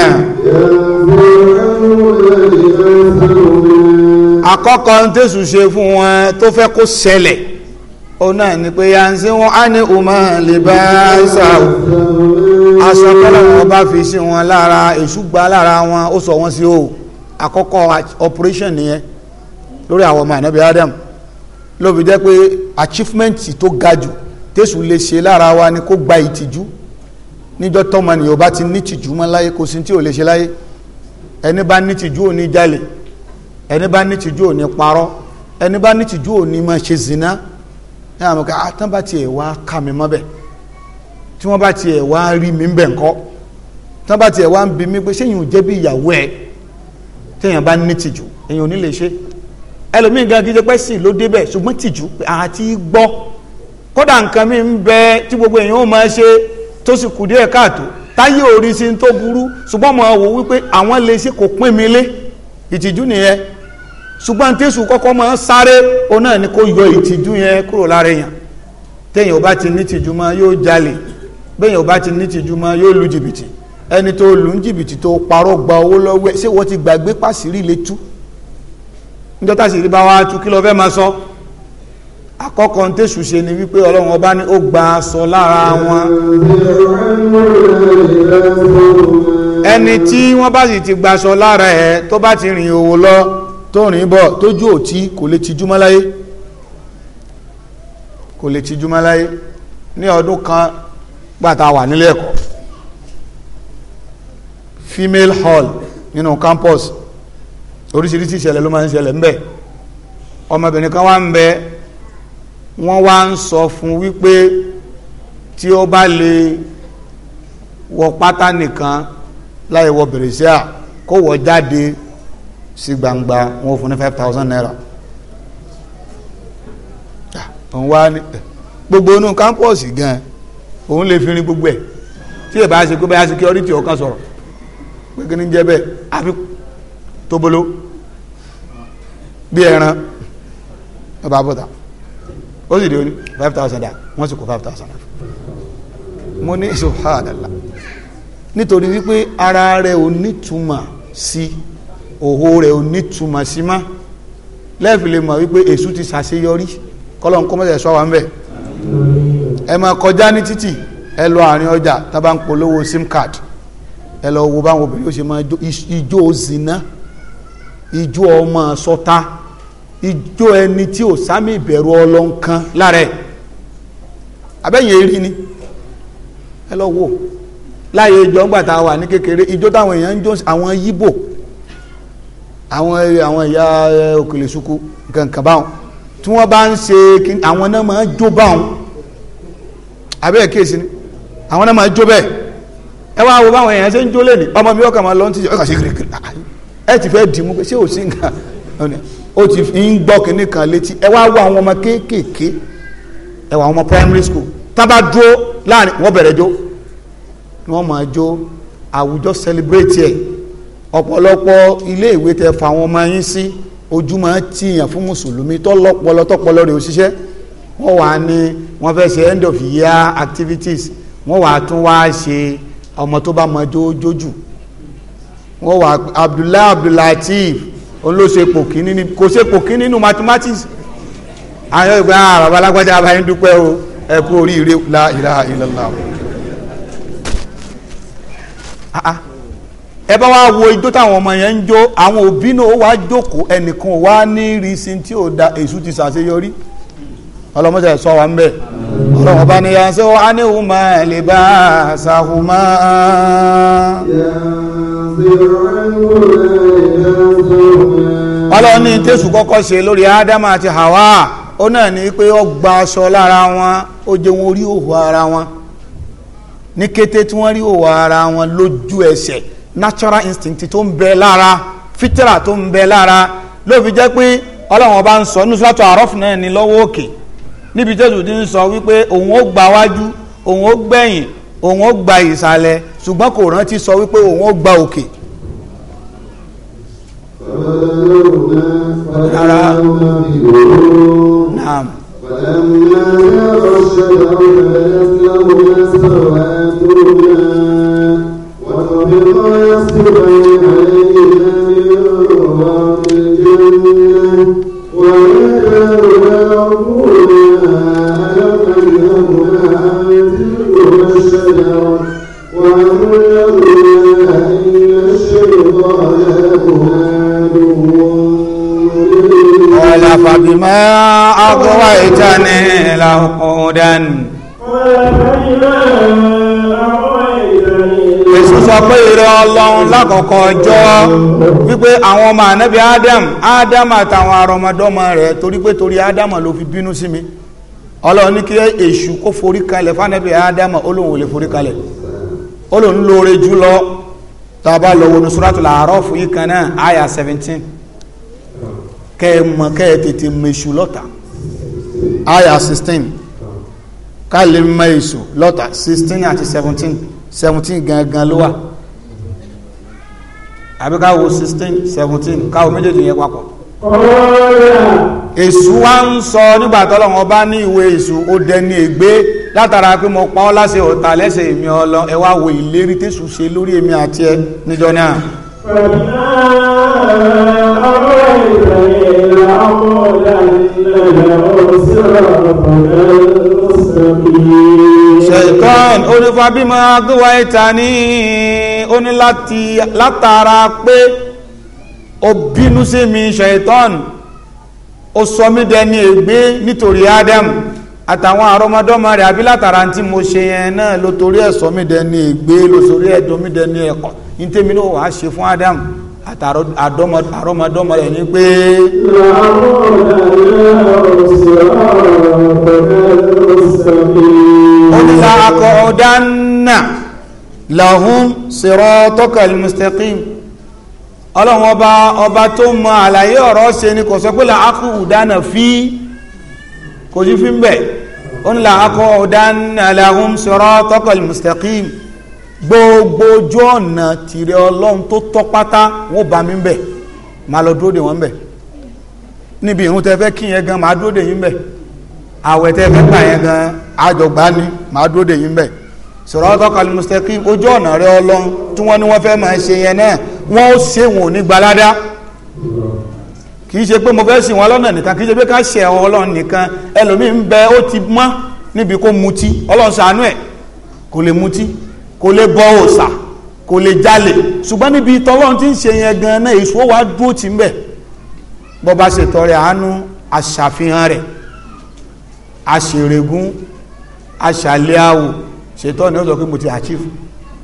àkọ́kọ́ tẹ̀sù ṣe fún wọn tó fẹ́ kó ṣẹlẹ̀ ó náà ni pé à ń sí wọn á ní ọmọ lè bá ṣà ó aṣọ bọ́lá wọn bá fi sí wọn lára èṣù gbà lára wọn ó sọ wọn sí o àkọ́kọ́ operation nìyẹn lórí àwọn ọmọ ànábì Adam ló fi jẹ́ pé achievement tó ga jù tésù lè ṣe lára wa ni kó gba ìtìjú níjọ́ tọ́mọ ni yóò bá ti ní tìjú mọ́ láyé kò sí tí ò lè ṣe láyé ẹni bá ní tìjú ò ní jalè ẹni bá ní tìjú ò ní parọ́ ẹni bá ní tìjú ò ní máa ṣe zina ní àwọn ọmọkẹ́ àtàn bá tiẹ̀ wá kà mí mọ́bẹ̀ tí wọ́n bá tiẹ̀ wá rí mi bẹ̀ ńkọ́ tí bá tiẹ̀ wá ń bi mí pé ṣéyìn ò jẹ́ bí ìyàwó ẹ̀ téèyàn bá ní tìjú èèyàn ò ní lè ṣe ẹlòmíì gan gíjẹ pẹ́ sí ló débẹ̀ ṣùgbọ́n tìjú àti gbọ́ kódà nǹkan mi ń bẹ tí gbogbo èèyàn ó máa ṣe tó sì kù díẹ̀ káàtó táyé orí sí tó burú ṣùgbọ́n mo wò wípé àwọn lè ṣe kò pín mi lé ìtìjú nìyẹn ṣùgbọ́n tẹ́sù kọ́kọ́ máa ń sáré òun náà ni kó yọ ìtìjú yẹn kúrò lára èèyàn téèyàn bá ti ní tìjú mọ́ yóò jalè béèyàn bá ti ní tìjú mọ́ yóò lu jìbìtì ẹni tó lu jìbìtì tó parọ́ gba owó lọ́wọ́ ṣé wọ́n ti gbàgbé pàṣírí lè tú níjọ́ bá wa tú kí ló fẹ́ máa sọ àkọ́kọ́ ń tẹ̀sù ṣe ni wípé ọlọ́run ọba ní ó gba aṣọ lára wọn ẹni tí wọ́n bá sì ti gba aṣọ lára ẹ̀ tó bá ti rìn òwò lọ tó rìn bọ̀ tójú òtí kò lè tijú mọ́ láyé kò lè tijú mọ́ láyé ní ọdún kan gbàtà wà nílé ẹ̀kọ́ female hall nínú campus oríṣiríṣi ìṣẹ̀lẹ̀ ló máa ń ṣẹlẹ̀ ńbẹ̀ ọmọbìnrin kan wá ń bẹ wọ́n wá ń sọ fún wípé tí ó bá lè wọ pátá nìkan láì wọ bèrèsíà kó wọ jáde sí gbangba wọn fún ní five thousand naira òun wá ní eh, gbogbo inú kámpọ̀sì gan òun lè fi rin gbogbo ẹ̀ tí ìbá ṣe pé bá ṣe kí ọrítì ọ̀kan sọ̀rọ̀ pé kí ní jẹ́ bẹ́ẹ̀ àfi tóbolo bí ẹran ọba bọ́ta ó sì di five thousand naira wọ́n sì kó five thousand naira mo ní subhanallah nítorí wípé ara rẹ̀ ò nítumọ̀ sí òhò rẹ̀ ò nítumọ̀ sí má lẹ́ẹ̀fì lè mọ̀ wípé èṣù ti ṣàṣeyọrí kọ́lọ̀ ń kọ́ mọ́tẹ̀ sọ́wọ́ ń bẹ̀ ẹ máa kọjá ní títì ẹ lọ àárín ọjà tá ń polówó sim card ẹ lọ wo báwọn obìnrin ó ṣe máa ijó zina ijó ọmọ sọta. So ìjó ẹni tí ò sámi ìbẹ̀rù ọlọ́n kan lára ẹ̀ abẹ́yìn erí ni ẹ lọ wò láyé ìjọ ńgbà tá a wà ní kékeré ìjó táwọn èèyàn ń jó àwọn yíbò àwọn àwọn ìyá òkèlè suku kankan báwọn tí wọ́n bá ń ṣe àwọn náà máa ń jó báwọn abẹ́ẹ̀ kéèsì ni àwọn náà máa ń jó bẹ́ẹ̀ ẹ wá wo báwọn èèyàn ṣe ń jó lẹ́nu ọmọ mi ọkàn máa lọ́n ti ṣe ọkàn ṣe kiri ẹ ti fẹ́ dì mú pé ṣé ò sí nǹkan ó ti ń gbọ́ kínní kan létí ẹ wá wá àwọn ọmọ kéékèèké ẹ wá àwọn ọmọ primary school tábà dúró láàrin wọ́n bẹ̀rẹ̀ jó wọ́n máa jó àwùjọ celebrate ẹ̀ ọ̀pọ̀lọpọ̀ ilé ìwé tẹ fa àwọn ọmọ yín sí ojú máa tìyàn fún mùsùlùmí tọ́lọ́pọlọ tọ́pọlọ rẹ̀ òṣìṣẹ́ wọ́n wà ní wọ́n fẹ́ ṣe end of year activities wọ́n wà tún wá ṣe ọmọ tó bá mọ jójójù wọ́n wà Abdullahi Abdullahi Latif òun ló ṣe pò kíní ni kò ṣe pò kíní nínú mathematics àwọn ìgbà àràbà ah, alágbájá abáyé dúpẹ́ o ẹ kú oríire la ilaha illallah ah, ah. ẹ bá wá wo ijó táwọn ọmọ yẹn ń jó àwọn òbí náà ó wá jókòó ẹnìkan wá ní rísí tí ò da èṣù ti ṣàṣeyọrí ọlọmọṣẹ sọ wa ń bẹ ọlọmọ bá ní yànṣẹ ó á ní hùmà lè bá ṣàhùmà. yànṣẹ ń wò lẹ́yìn ọlọ́run ní tẹ́sù kọ́kọ́ ṣe lórí ádámà àti hàwá ó náà ní pé ó gba aṣọ lára wọn ó jẹ wọn rí òhò ara wọn ní kété tí wọ́n rí òhò ara wọn lójú ẹsẹ̀ natural instinct tó ń bẹ lára fitra tó ń bẹ lára ló fi jẹ́ pé ọlọ́run ọba ń sọ ní sọ́tọ̀ àrọ́f náà ní lọ́wọ́ òkè níbi tẹ́sù ti ń sọ wípé òun ó gba wájú òun ó gbẹ̀yìn òun ó gba ìsàlẹ̀ ṣùgbọ́n kò rántí sọ wípé òun ó gba òkè. نرى نعم فلما يغشى بلت لهما سواتهما وطبقا يصفان عليهما من ورق الجنة وناداهما ربهما ألم أنهما عن تلكما الشجرة وأن لهما أن الشيطان لهما قال فبما أغويتني لأقعدن Èṣù sọ pé ìrẹ́ ọlọ́run lákọ̀ọ́kọ́ ọjọ́ wípé àwọn ọmọ ànábì Adam Adam àtàwọn arọmọdọ́mọ rẹ̀ torí pé torí Adam ló fi bínú sí mi ọlọ́run ní kí èṣù kó forí kalẹ̀ fánàbì Adam olóhùn ò lè forí kalẹ̀ olóhùn lóore jù tá a bá lọ wo Suratul yìí kan náà àyà seventeen kẹ́ ẹ mọ̀ kẹ́ ẹ tètè mẹ́ṣù lọ́ta àyà sixteen ká lè lọ́ta sixteen àti seventeen seventeen gangan ló wà àbí wo sixteen seventeen ká wo méjèèjì yẹn papọ̀ èṣù wa ń sọ nígbà tọ́lọ́wọ́n bá ní ìwé èṣù ó dẹni ègbé látara pé mo pa ọ́ láṣẹ ọ̀tá lẹ́sẹ̀ èmi ọlọ ẹ wá wo ìlérí tẹ́sù ṣe lórí èmi àti ẹ níjọ náà. ṣèkán onífàbímọ agbéwáyé ta ní ó ní látara pé ó bínú sí mi ṣaitan ó sọ mí dẹni ègbé nítorí adam àtàwọn àrọmọdọ́mọ rẹ̀ àbí látara tí mo ṣe yẹn náà ló torí ẹ̀ sọ mí dẹni ègbé ló torí ẹ̀ domi dẹni ẹ̀kọ́ ní tèmi náà wàá ṣe fún adam àtàrọmọdọ́mọ rẹ̀ ni pé. ó akọ̀ ọ̀dánà lahum sirataka al-mustaqim ọlọ́run ọba ọba tó mọ àlàyé ọ̀rọ̀ ṣe ni kò sọ pé làákù ìdáná fi kò sí fi ń bẹ̀ ó ní làákù ìdáná lahum siratal mustaqim gbogbo ojú ọ̀nà tìrẹ ọlọ́run tó tọ́ pátá wọ́n bá mi ń bẹ̀ máa lọ dúró de wọn ń bẹ̀ níbi ìrún tẹ fẹ́ kí yẹn gan máa dúró de yín bẹ̀ àwẹ̀ tẹ fẹ́ gbà yẹn gan àjọgbá ni máa dúró de yín bẹ̀ siratal mustaqim ojú ọ̀nà rẹ ọlọ́run tí wọ́n ní wọ́n fẹ́ máa ṣe yẹn náà wọ́n ó ṣe wọn ò ní gbalada kì í ṣe pé mo fẹ́ sìn wọn lọ́nà nìkan kì í ṣe pé ká ṣe ẹ̀wọ̀n ọlọ́run nìkan ẹlòmíì ń bẹ ó ti mọ́ níbi kó mutí ọlọ́run ṣàánú ẹ̀ kò lè mutí kò lè bọ òòṣà kò lè jalè ṣùgbọ́n níbi tọ́lọ́run ti ń ṣe yẹn gan-an náà èso wa dúró tì ń bẹ̀ bọ́ bá ṣe tọrẹ àánú àṣàfihàn rẹ̀ àṣèrègún àṣàlẹ́ àwò ṣètọ́ ni ó sọ pé mo ti achieve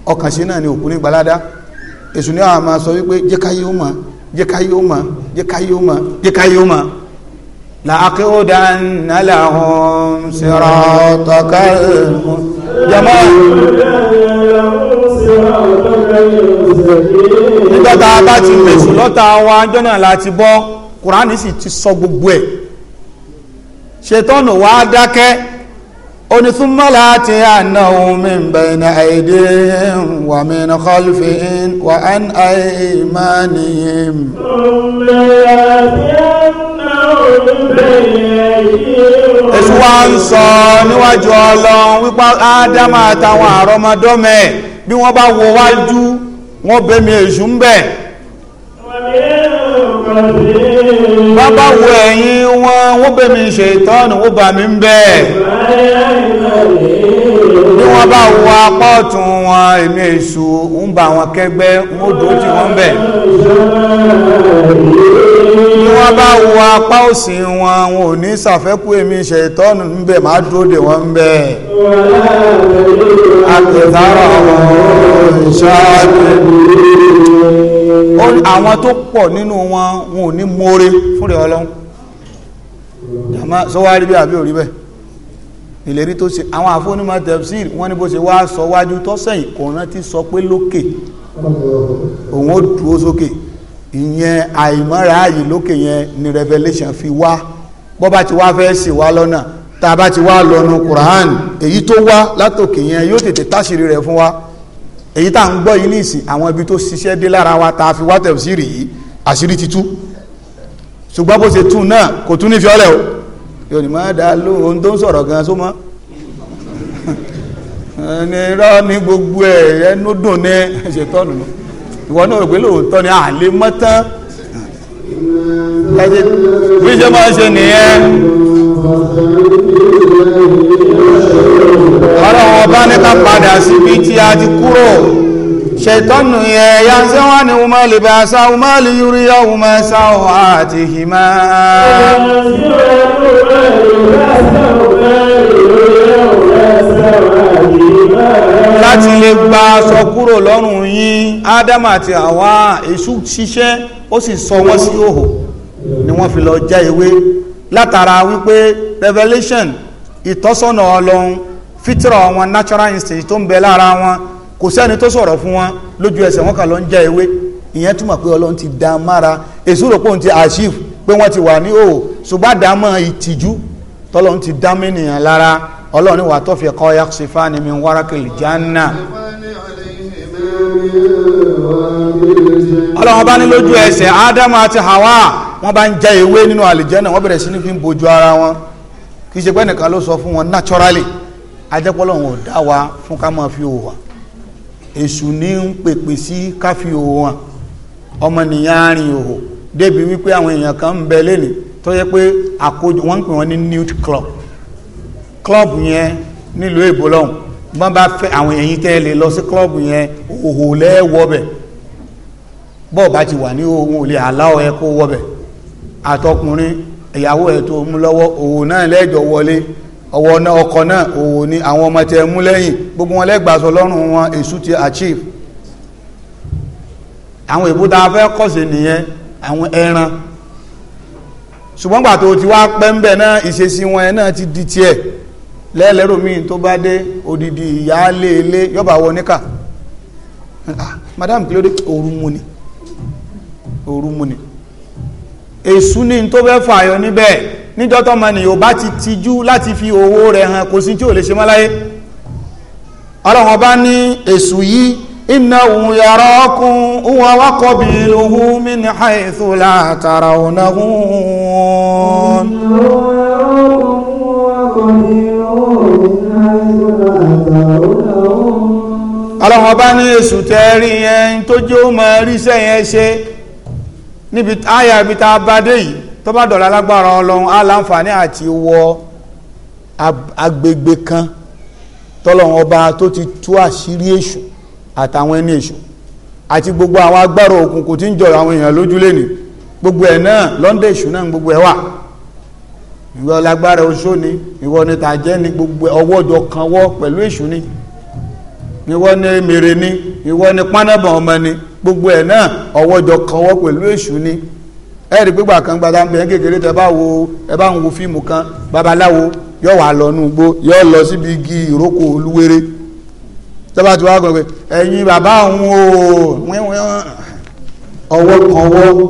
ọkàn sí náà ni òkú ní gbalada èsù ni àwọn máa sọ wípé jẹ́káyé ó mọ̀ jẹ́káyé ó mọ̀ jẹ́káyé ó mọ̀ jẹ́káyé ó mọ̀ làákéwòdánná làwọn sọ̀rọ̀ tọ́ka jọmọ́. nígbà tá a bá ti fèsì lọ́ta wa jọ́nà láti bọ́ kùránì sì ti sọ gbogbo ẹ̀ ṣètọ́nù wa dákẹ́ onísúnmọ́ láti ànáhùn min bayna aydihim wa min khalfihim wa an aymanihim èsù wa ń sọ níwájú ọlọ́run wípé ádámà àtàwọn àrọmọdọ́mẹ bí wọ́n bá wo wájú wọ́n bẹ̀mí èṣù ń bẹ̀. wọ́n ní ẹ̀rọ kan bàbá wo ẹ̀yìn wọn wọ́n bẹ̀ mi ṣe ìtọ́nù wọ́n bà mí ń bẹ̀ bí wọ́n bá wo apá ọ̀tún wọn èmi èṣù ń bà wọn kẹ́gbẹ́ wọ́n dùn tí wọ́n bẹ̀ bí wọ́n bá wo apá òsì wọn wọn ò ní ṣàfẹ́kù èmi ṣe ìtọ́nù ń bẹ̀ máa dúró dè wọ́n bẹ̀ àtẹ̀sára ọ̀rọ̀ ìṣáájú àwọn tó pọ̀ nínú wọn wọn ò ní mọ́re fún rẹ̀ ọlọ́run jàmá sọ́wárí bí àbí òrí bẹ́ẹ̀ ìlérí tó ṣe àwọn àfọ́nímọ̀ tafsir wọ́n ní bó ṣe wá sọ wájú tọ́sẹ̀yìn kò rántí sọ pé lókè òun ó dúró sókè ìyẹn àìmọ́ra ààyè lókè yẹn ni revelation fi wá bọ́ bá ti wá fẹ́ sì wá lọ́nà tá a bá ti wá lọ́nu Quran èyí tó wá látòkè yẹn yóò tètè táṣìírí rẹ̀ fún wa èyí tá à ń gbọ́ yìí ní ìsìn àwọn ibi tó ṣiṣẹ́ dé lára wa tá a fi wá tẹ̀síìrì yìí àṣírí ti tú ṣùgbọ́n bó ṣe tú náà kò tún nífi ọlẹ́ o yóò ní máa dá lóhun tó ń sọ̀rọ̀ gan só mọ́ ẹni rọ́ ní gbogbo ẹ̀ ẹnu dùn ní ṣètọ́nù ìwọ náà rò pé lóòótọ́ ni à lè bí ṣe máa ṣe nìyẹn ọlọ́run ọba ní ká padà síbi tí a ti kúrò ṣètọ́nù yẹn ya ṣé wọ́n ní wọ́n máa lè bá aṣá yúrí yá wọ́n máa àti hìmá. láti lè gba aṣọ kúrò lọ́rùn yín ádámù àti àwa èṣù ṣiṣẹ́ ó sì sọ wọ́n sí òhò ni wọ́n fi lọ já ewé látara wípé revelation ìtọ́sọ́nà ọlọ́run fitra wọn natural instinct tó ń bẹ lára wọn kò sẹ́ni tó sọ̀rọ̀ fún wọn lójú ẹsẹ̀ wọn kà ló ń jẹ ewé ìyẹn túmọ̀ pé ọlọ́run ti dá mára èso rò pé òun ti achieve pé wọ́n ti wà ní òò ṣùgbọ́n àdámọ́ ìtìjú tọ́lọ́run ti dá mẹ́nìyàn lára ọlọ́run ni wà tó fi kọ́ yaksifani min warakil janna. ọlọ́run bá ní lójú ẹsẹ̀ ádámù àti hawa wọ́n bá ń jẹ ewé nínú àlìjẹ́nà wọ́n bẹ̀rẹ̀ sí ní fi ń bojú ara wọn kì í ṣe pé ẹnìkan ló sọ fún wọn naturally ajẹ́pọ́lọ́ wọn ò dá wa fún ká máa fi òwà èṣù ní ń pèpè sí ká fi òwà ọmọnìyàn arìn òhò débi wípé àwọn èèyàn kan ń bẹ lẹ́nì tó yẹ pé àkójọ wọ́n ń pè wọ́n ní newt club club yẹn nílùú èbó lọ́hùn bọ́n bá fẹ́ àwọn èyí tẹ́ lè lọ sí club yẹn òhò lẹ́wọ́bẹ̀ bọ́ọ̀ bá ti wà ní ohun òlẹ̀ aláwọ̀ ẹ kó wọ́bẹ̀ àtọkùnrin ìyàwó ẹ̀ tó mú lọ́wọ́ òhò náà lẹ́jọ́ wọlé ọwọ́ náà ọkọ̀ náà òwò ni àwọn ọmọ tẹ mú lẹ́yìn gbogbo wọn lẹ́gbàásọ lọ́rùn wọn èṣù ti achieve àwọn ìbúta afẹ́ kọ̀sì nìyẹn àwọn ẹran ṣùgbọ́n gbà tó ti wá pẹ́ ń bẹ̀ náà ìṣesí wọn náà ti di tiẹ̀ lẹ́ẹ̀lẹ́rò míì tó bá dé odidi ìyáálé ilé yọba wọ níkà ah, madam kílódé òru mu ni òru mu ni èṣù ni tó fẹ́ fààyọ níbẹ̀ níjọ́ tọ́mọ ni yóò bá ti tijú láti fi owó rẹ̀ hàn kò sí tí ò lè ṣe mọ́láyé ọlọ́run ọba ní èṣù yìí innahu yarakum huwa wa qabiluhu min haythu la tarawnahum ọlọ́run ọba ní èṣù tẹ́rí yẹn tó jẹ́ ó máa ríṣẹ́ yẹn ṣe níbi táyà ibi tá a bá dé yìí tó bá dọ̀la lágbára ọlọ́run á láǹfààní àti wọ agbègbè kan tọ́lọ́run ọba tó ti tú àṣírí èṣù àtàwọn ẹni èṣù àti gbogbo àwọn agbára òkùnkùn tí ń jọ àwọn èèyàn lójú lẹ́nu gbogbo ẹ̀ náà lọ́ndẹ̀ èṣù náà gbogbo ẹ̀ wà ìwọ lágbára oṣó ni ìwọ ni tàjẹ́ ni gbogbo ọwọ́jọ kan wọ́ pẹ̀lú èṣù ni ìwọ ni mèrè ni ìwọ ni pánábà ọmọ ni gbogbo ẹ̀ náà ọwọ́jọ kan wọ́ pẹ̀lú èṣù ni ẹ rí gbígbà kan gbadá ń bẹ kékeré tẹ bá wo ẹ bá ń wo fíìmù kan babaláwo yóò wà lọ nù gbó yóò lọ síbi igi ìrókò olúwere tọ́ba ti wá gbọ́ pé ẹ̀yin bàbá òun o wíwíwọ́n ọwọ́ kan ọwọ́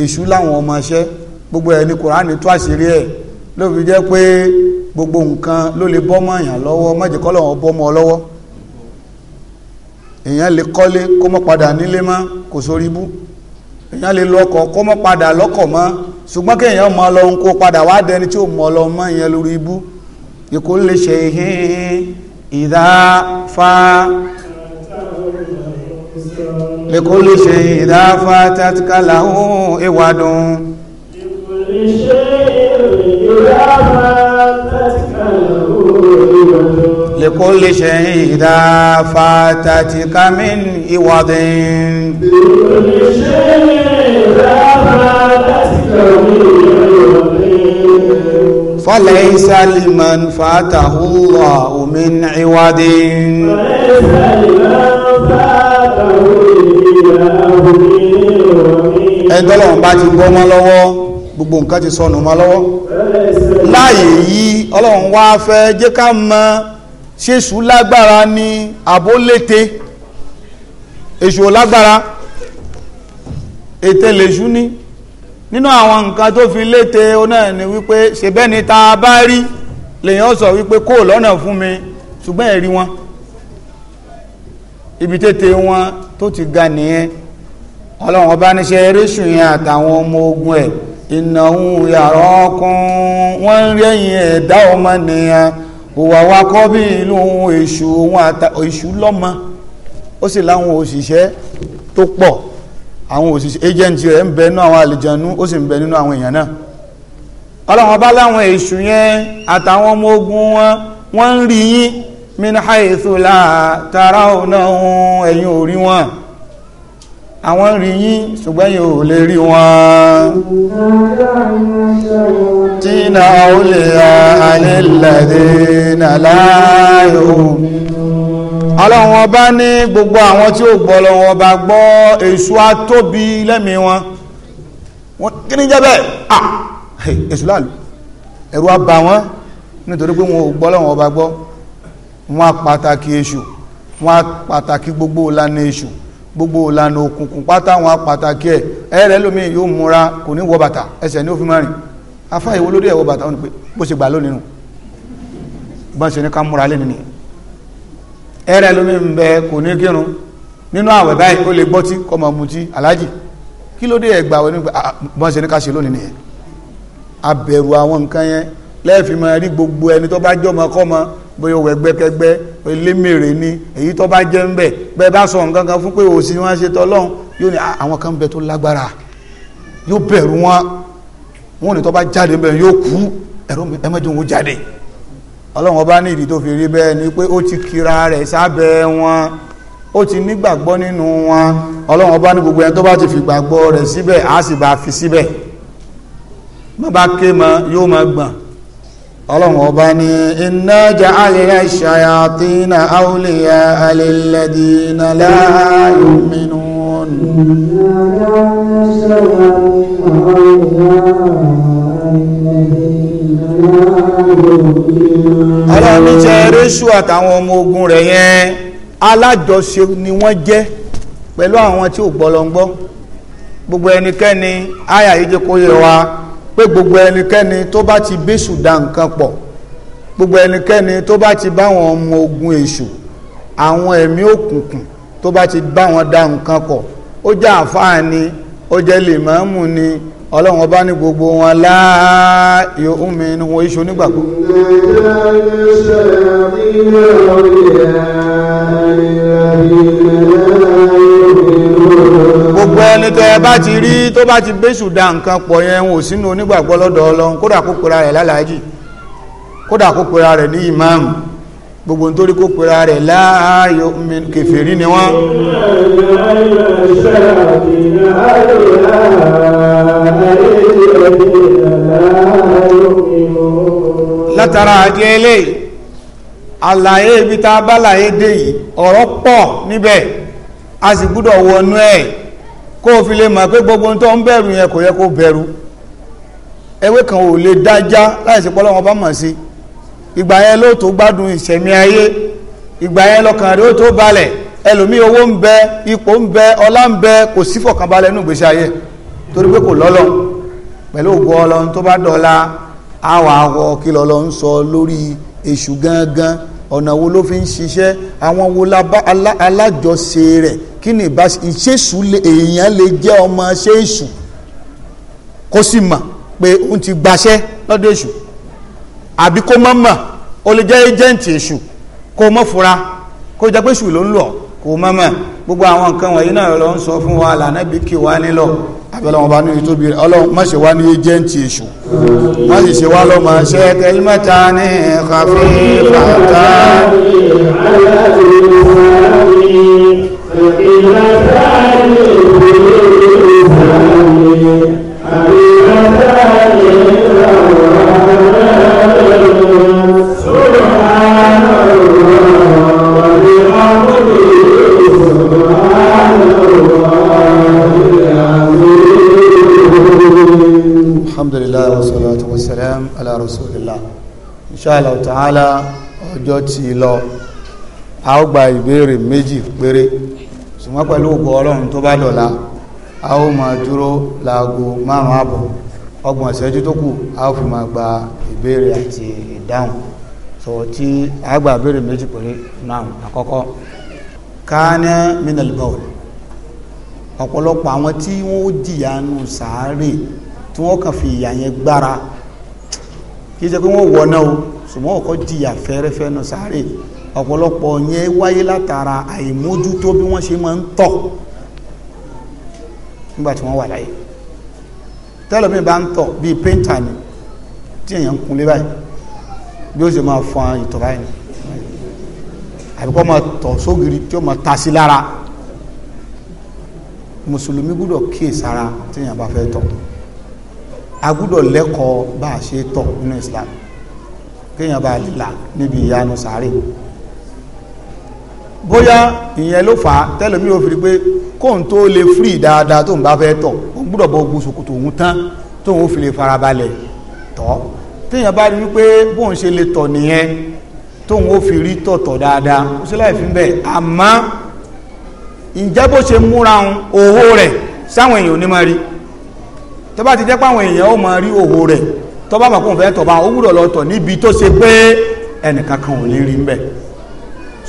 èṣù láwọn ọmọọṣẹ́ gbogbo ẹni kùránì tó àṣírí ẹ̀ ló fi jẹ́ pé gbogbo nǹkan ló lè bọ́mọ èèyàn lọ́wọ́ mọ̀jẹ̀kọ́ lọ́wọ́ bọ́mọ lọ́wọ́ èèyàn lè kọ́lé kó mọ́ padà nílé mọ́ kò sórí èèyàn lè lọkọ̀ kó mọ́ padà lọ́kọ̀ mọ́ ṣùgbọ́n kí èèyàn mọ ọlọ́run kó padà wá dẹni tí ò mọ ọlọ́run mọ́ ìyẹn lórí ibú ìkó lè ṣe hìn ìdá fa ìkó lè ṣe ìdá fa tàtíkàlà ohun ìwádùn ìkó lè ṣe ìdá fa tàtíkàlà ohun ìwádùn لكل شيء إذا فاتتك من إوض لكل شيء إذا فاتتك من إوض فليس لمن فاته الله من عوض فليس لمن فاته الله من عوض ẹgbẹ́lọ́wọ́n bá ti gbọ́ mọ́ lọ́wọ́ gbogbo nǹkan ti sọnù mọ́ lọ́wọ́ láàyè yìí ọlọ́run wá fẹ́ jẹ́ ká mọ̀ ṣé èṣù lágbára ní abólété èṣù ò lágbára ètè lèṣù ní nínú àwọn nǹkan tó fi léte onáà ni wípé ṣèbẹ́ni tá a bá rí lèyàn sọ wípé kó lọ́nà fún mi ṣùgbọ́n ẹ̀rí wọn ibi tètè wọn tó ti ga nìyẹn ọlọ́run ọba níṣẹ́ eréṣù yẹn àtàwọn ọmọ ogun ẹ̀ ìnáwó yàrá ọkùn wọ́n ń rẹ́yìn ẹ̀dá ọmọ nìyẹn òwà wa kọ́ bí inú èṣù wọn àtà èṣù lọ́mọ ó sì láwọn òṣìṣẹ́ tó pọ̀ àwọn òṣìṣẹ́ agent rẹ̀ ń bẹ nínú àwọn àlìjànú ó sì ń bẹ nínú àwọn èèyàn náà ọlọ́run bá láwọn èṣù yẹn àtàwọn ọmọ ogun wọn wọ́n ń rí yín wọn àwọn rí yín ṣùgbọ́n yìí ò lè rí wọn tí na ó lè alẹ́lẹ́dẹ́ nàláyò ọlọ́run ọba ní gbogbo àwọn tí ó gbọ́ lọ́wọ́ ọba gbọ́ èṣù atóbi lẹ́mí wọn kí ní jẹ́ bẹ́ẹ̀ ah èṣù láàlú ẹ̀rù abà wọn nítorí pé wọn ò gbọ́ lọ́wọ́ ọba gbọ́ wọn pàtàkì èṣù wọn pàtàkì gbogbo ìlànà èṣù gbogbo ìlànà òkùnkùn pátá wọn pàtàkì ẹ̀ ẹ̀rẹ́ lómi yóò múra kò ní wọ bàtà ẹsẹ̀ ní ó fi máa rìn afá ìwọ lórí ẹ̀wọ bàtà wọn ni pé bó ṣe gbà lónìí nù bá ṣe ní ká múra lẹ́nu ni ẹ̀rẹ́ lómi ń bẹ kò ní kírun nínú àwẹ̀ báyìí ó lè gbọ́tí kọ́ máa mutí aláàjì kí ló dé ẹ̀gbà wọn ni ah, bá ṣe ní ká ṣe lónìí nìyẹn abẹ̀rù àwọn nǹkan yẹn lẹ́ẹ̀fì máa rí gbogbo ẹni tó bá jọ́ mọ́ kọ́ mọ́ bóyá owó ẹgbẹ́kẹgbẹ́ elémèrè ni èyí tó bá jẹ́ ń bẹ̀ bẹ́ẹ̀ bá sọ nǹkan kan fún pé òsì wọn ṣe tọ́lọ́hún yóò ní ah, àwọn kan bẹ tó lágbára yóò bẹ̀rù wọn wọn ò ní tó bá jáde ń bẹ̀ yóò kú ẹ̀rọ ẹ̀mẹ́dùn wọn jáde ọlọ́run ọba ní ìdí tó fi rí bẹ́ẹ̀ ni pé ó ti kira rẹ̀ sábẹ́ wọn ó ti nígbàgbọ́ nínú wọn ọlọ́run ọba ní gbogbo ẹni tó bá ti fi gbàgbọ́ rẹ̀ síbẹ̀ á sì bá fi síbẹ̀ bàbá ké yóò máa gbọ̀n ọlọ́run ọba ní iná jà àyẹ̀yẹ̀ ṣayàtí na áúlẹ̀yà alẹ́lẹ́dì na láàáyò mínú ọlọ́run ní jẹ́ réṣù àtàwọn ọmọ ogun rẹ̀ yẹn alájọṣe ni wọ́n jẹ́ pẹ̀lú àwọn tí ò gbọ́lọ́ngbọ́ gbogbo ẹnikẹ́ni áyà yìí jẹ́ kó yé wa pé gbogbo ẹnikẹ́ni tó bá ti bẹ́sù da nǹkan pọ̀ gbogbo ẹnikẹ́ni tó bá ti báwọn ọmọ ogun èṣù àwọn ẹ̀mí òkùnkùn tó bá ti báwọn da nǹkan pọ̀ ó jẹ́ àfáà ni ó jẹ́ lèmọ́ọ́mù ni ọlọ́run ọba ní gbogbo wọn láàáyò omi inú wọn iṣu nígbàgbọ́ Nàìjíríà ní sẹ́yà nílẹ̀ orí ẹ̀ ẹni tẹ́ ẹ bá ti rí tó bá ti bẹ́sù da nǹkan pọ̀ yẹn wọn ò onígbàgbọ́ lọ́dọ̀ ọlọ́run kódà kó pera rẹ̀ lálàájì kódà kó pera rẹ̀ ní ìmáàmù gbogbo nítorí kó pera rẹ̀ láàáyò kèfèrí ni wọ́n látara àdí eléyìí àlàyé ibi tá a bá láyé dé yìí ọ̀rọ̀ pọ̀ níbẹ̀ a sì gbúdọ̀ wọnú ẹ̀ kó o fi lè mọ̀ pé gbogbo tó ń bẹ̀rù yẹn kò yẹ kó bẹ̀rù ewé kan ò lè dájá láìsí pọ́lọ́ wọn bá mọ̀ sí ìgbà yẹn ló tó gbádùn ìṣẹ̀mí ayé ìgbà yẹn lọ́kàn rẹ̀ ó tó balẹ̀ ẹlòmíì owó ń bẹ ipò ń bẹ ọlá ń bẹ kò torí pé kò lọ́lọ́ pẹ̀lú Ọlọ́run tó bá dọ̀la àwọn àwọ̀ kí lọ́lọ́ ń sọ ọ̀nà wo ló fi ń ṣiṣẹ́ àwọn wo alájọṣe rẹ̀ kí ni ìbá ìṣèṣù èèyàn lè jẹ́ ọmọ ṣéṣù kó sì mọ̀ pé ó ti gbaṣẹ́ lọ́dọ̀ èṣù àbí kó mọ̀ mọ̀ ó lè jẹ́ ẹjẹ́ǹtì èṣù kó mọ̀ fura kó jẹ́ pé èṣù ló ń lọ kó mọ̀ mọ̀ gbogbo àwọn nǹkan wọ̀nyí náà lọ ń sọ fún wa lànà bí kí wá nílọ abẹ́lẹ́ wọn bá ní ìtóbi rẹ̀ ọlọ́run má ṣe wá ní jẹ́ǹtì èṣù má sì ṣe wá lọ́mọ ṣe kẹlímẹ́ta ní kàfí kàtà kẹlímẹ́ta ní kàfí kàtà inshallah ta'ala ọjọ́ ti lọ a ó gba ìbéèrè méjì péré ṣùgbọ́n pẹ̀lú ògbọ́ ọlọ́run tó bá dọ̀la a ó máa dúró láago márùn àbọ̀ ọgbọ̀n ìṣẹ́jú tó kù a ó fi máa gba ìbéèrè àti ìdáhùn so tí a gba ìbéèrè méjì péré náà àkọ́kọ́ ọ̀pọ̀lọpọ̀ àwọn tí wọ́n sàárè tí fi gbára kì í ṣe pé wọ́n wọ̀ o ṣùgbọ́n ọkọ̀ jìyà fẹ́rẹ́fẹ́ nù sáré ọ̀pọ̀lọpọ̀ yẹn wáyé látara àìmójútó bí wọ́n ṣe máa ń tọ̀ nígbà tí wọ́n wà láyé tẹ́lọ̀mí bá ń tọ̀ bíi péńtà ni tí èèyàn ń kunlé báyìí bí ó ṣe máa fọn ìtọ̀ báyìí ni àbíkọ́ máa tọ̀ sógiri tí ó máa ta sí lára mùsùlùmí gbọ́dọ̀ kíyèsára tí èèyàn bá fẹ́ tọ̀ agbúdọ̀ lẹ́kọ̀ọ́ bá a ṣe tọ̀ nínú Islam kéèyàn bá là níbi ìyanu sáré bóyá ìyẹn ló fà á tẹ́lẹ̀mí ò fi pé kóhun tó lè fírì dáadáa tóun bá fẹ́ tọ̀ ó gbúdọ̀ bọ́ ogun ṣòkòtò òun tán tóun ó fi lè farabalẹ̀ tọ̀ téèyàn bá rí wípé bóun ṣe lè tọ̀ nìyẹn tóun ó fi rí tọ̀tọ̀ dáadáa ó sì láì fi ń bẹ̀ àmọ́ ǹjẹ́ ṣe múra òhó rẹ̀ sáwọn èèyàn ò rí tó bá ti jẹ́ páwọn èèyàn ó mọ rí òhò rẹ̀ tó bá mọ̀ kó fẹ́ tọ̀ bá ó gbúdọ̀ lọ tọ̀ níbi tó ṣe pé ẹnìkan kan ò lè rí mbẹ̀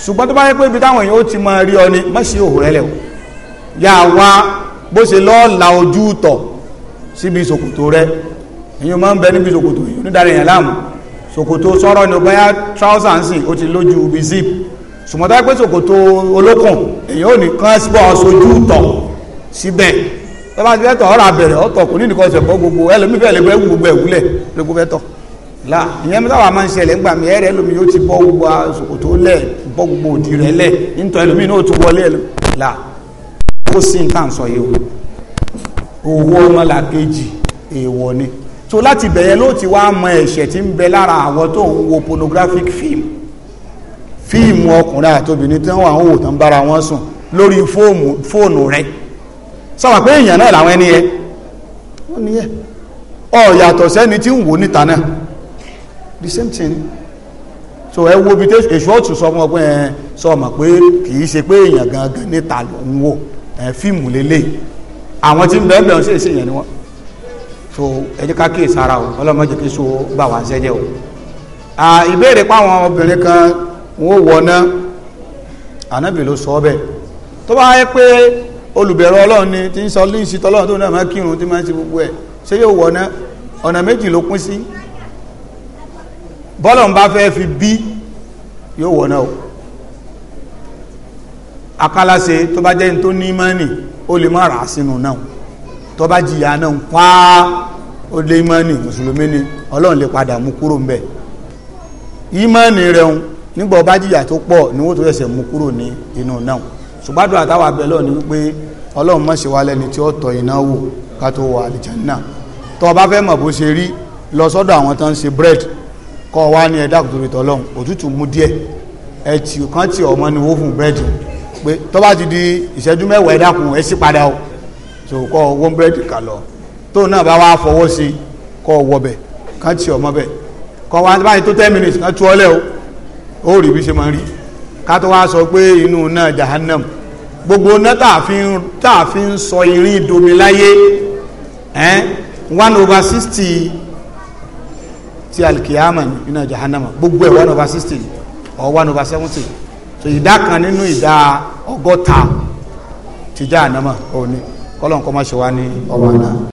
ṣùgbọ́n tó bá yẹ pé ibi táwọn èèyàn ó ti mọ rí ọ ni má ṣe òhò rẹ̀ lẹ̀ o yà wá bó ṣe lọ́ọ́ la ojú tọ̀ síbi ìṣòkòtò rẹ̀ èyí máa ń bẹ níbi ìṣòkòtò yìí onídàrí èèyàn láàmú ṣòkòtò sọ̀rọ̀ ni bóyá trouser ń sìn ó ti lójú ibi zip ṣùgbọ́n tó yẹ pé ṣòkòtò olókùn èèyàn ò ní kán síbẹ̀ ẹ bá ti fẹ́ tọ̀ ọ̀rọ̀ abẹ̀rẹ̀ ọ̀tọ̀ kò ní nìkan ọ̀sẹ̀ kọ́ gbogbo ẹlòmíì fẹ́ lè fẹ́ wù gbogbo ẹ̀wúlẹ̀ lóko fẹ́ tọ̀ la ìyẹn mẹ́ta wà máa ń ṣẹlẹ̀ ńgbà mi ẹ̀rẹ́ ẹlòmíì yóò ti bọ́ gbogbo àsòkòtò lẹ̀ bọ́ gbogbo òdì rẹ̀ lẹ̀ ńtọ́ ẹlòmíì náà tó wọlé la ó sì ń tà ń sọ yìí o owó ọmọlàkejì èèwọ̀ ni tó láti bẹ̀yẹ ló ti wá mọ ẹ̀ṣẹ̀ tí ń bẹ lára àwọn tó ń wo pornographic film fíìmù ọkùnrin àtobìnrin tí wọ́n wà ń wò tán bára wọn sùn lórí fóònù rẹ̀ sáwà pé èèyàn náà làwọn ẹni yẹ wọ́n ni yẹ ọ sẹ́ni tí ń wò níta náà the same thing so ẹ wo bí tẹ èso ọ̀tún sọ ọmọ pé ẹ sọ ọmọ pé kì í ṣe pé èèyàn gangan níta ló ń wò ẹ fíìmù lélẹ̀ àwọn tí ń bẹ́ẹ̀ bẹ́ẹ̀ ṣe èsì yẹn ni wọ́n so ẹ jẹ́ ká kí ìsara o ọlọ́mọ jẹ́ kí so bá wà sẹ́jẹ́ o ìbéèrè páwọn obìnrin kan wọ́n wọ̀ náà ànábì ló sọ ọ bẹ́ẹ̀ tó bá yẹ pé olùbẹ̀rọ ọlọ́run ni tí ń sọ líìsì tọ́lọ́run tó náà máa kírun tí máa ń ṣe gbogbo ẹ̀ ṣé yóò wọ̀ ná ọ̀nà méjì ló pín sí bọ́lọ̀n bá fẹ́ fi bí yóò wọ̀ náà o akálàṣe tó bá jẹ́ ní tó ní mọ́nì ó lè má rà á sínú náà tó bá jìyà náà pa ó lé mọ́nì mùsùlùmí ni ọlọ́run lè padà mú kúrò ń bẹ̀ ìmọ̀nì rẹ̀ nígbà ọba jìyà tó pọ̀ ni wọ́n tó ṣẹ̀ṣẹ̀ mú kúrò ní inú náà ṣùgbọ́n àdúrà táwa ni wípé ọlọ́run má ṣe wá lẹ́ni tí ó tọ̀ iná wò ká tó wọ àlìjánnà tó o bá fẹ́ mọ̀ bó ṣe rí lọ sọ́dọ̀ àwọn tó ń ṣe bread kọ́ wa ní ẹ̀dá kòtò rìtọ̀ ọlọ́run òtútù mú díẹ̀ ẹ̀ tì kán ọmọ ni wó fún bread pé tó bá ti di ìṣẹ́jú mẹ́wàá ẹ̀dá kùn ẹ̀ sí padà o tó kọ́ wó bread kà lọ tó náà bá wá fọwọ́ sí kọ́ wọbẹ̀ kán tì ọmọ bẹ̀ kọ́ wa báyìí tó ten minutes kán tú ọlẹ́ o ó rí bí ṣe máa rí ká tó wá sọ pé inú náà jahannam gbogbo iná tàà fi ń sọ irin ìdomi láyé one over sixty ti alikiyama nínú jahannama gbogbo ẹ̀ one over sixty or one over seventy so ìdá kan nínú ìdá ọgọ́ta ti jahannama òní kọ́lọ́n kọ́ máa ṣe wá ní ọmọ náà.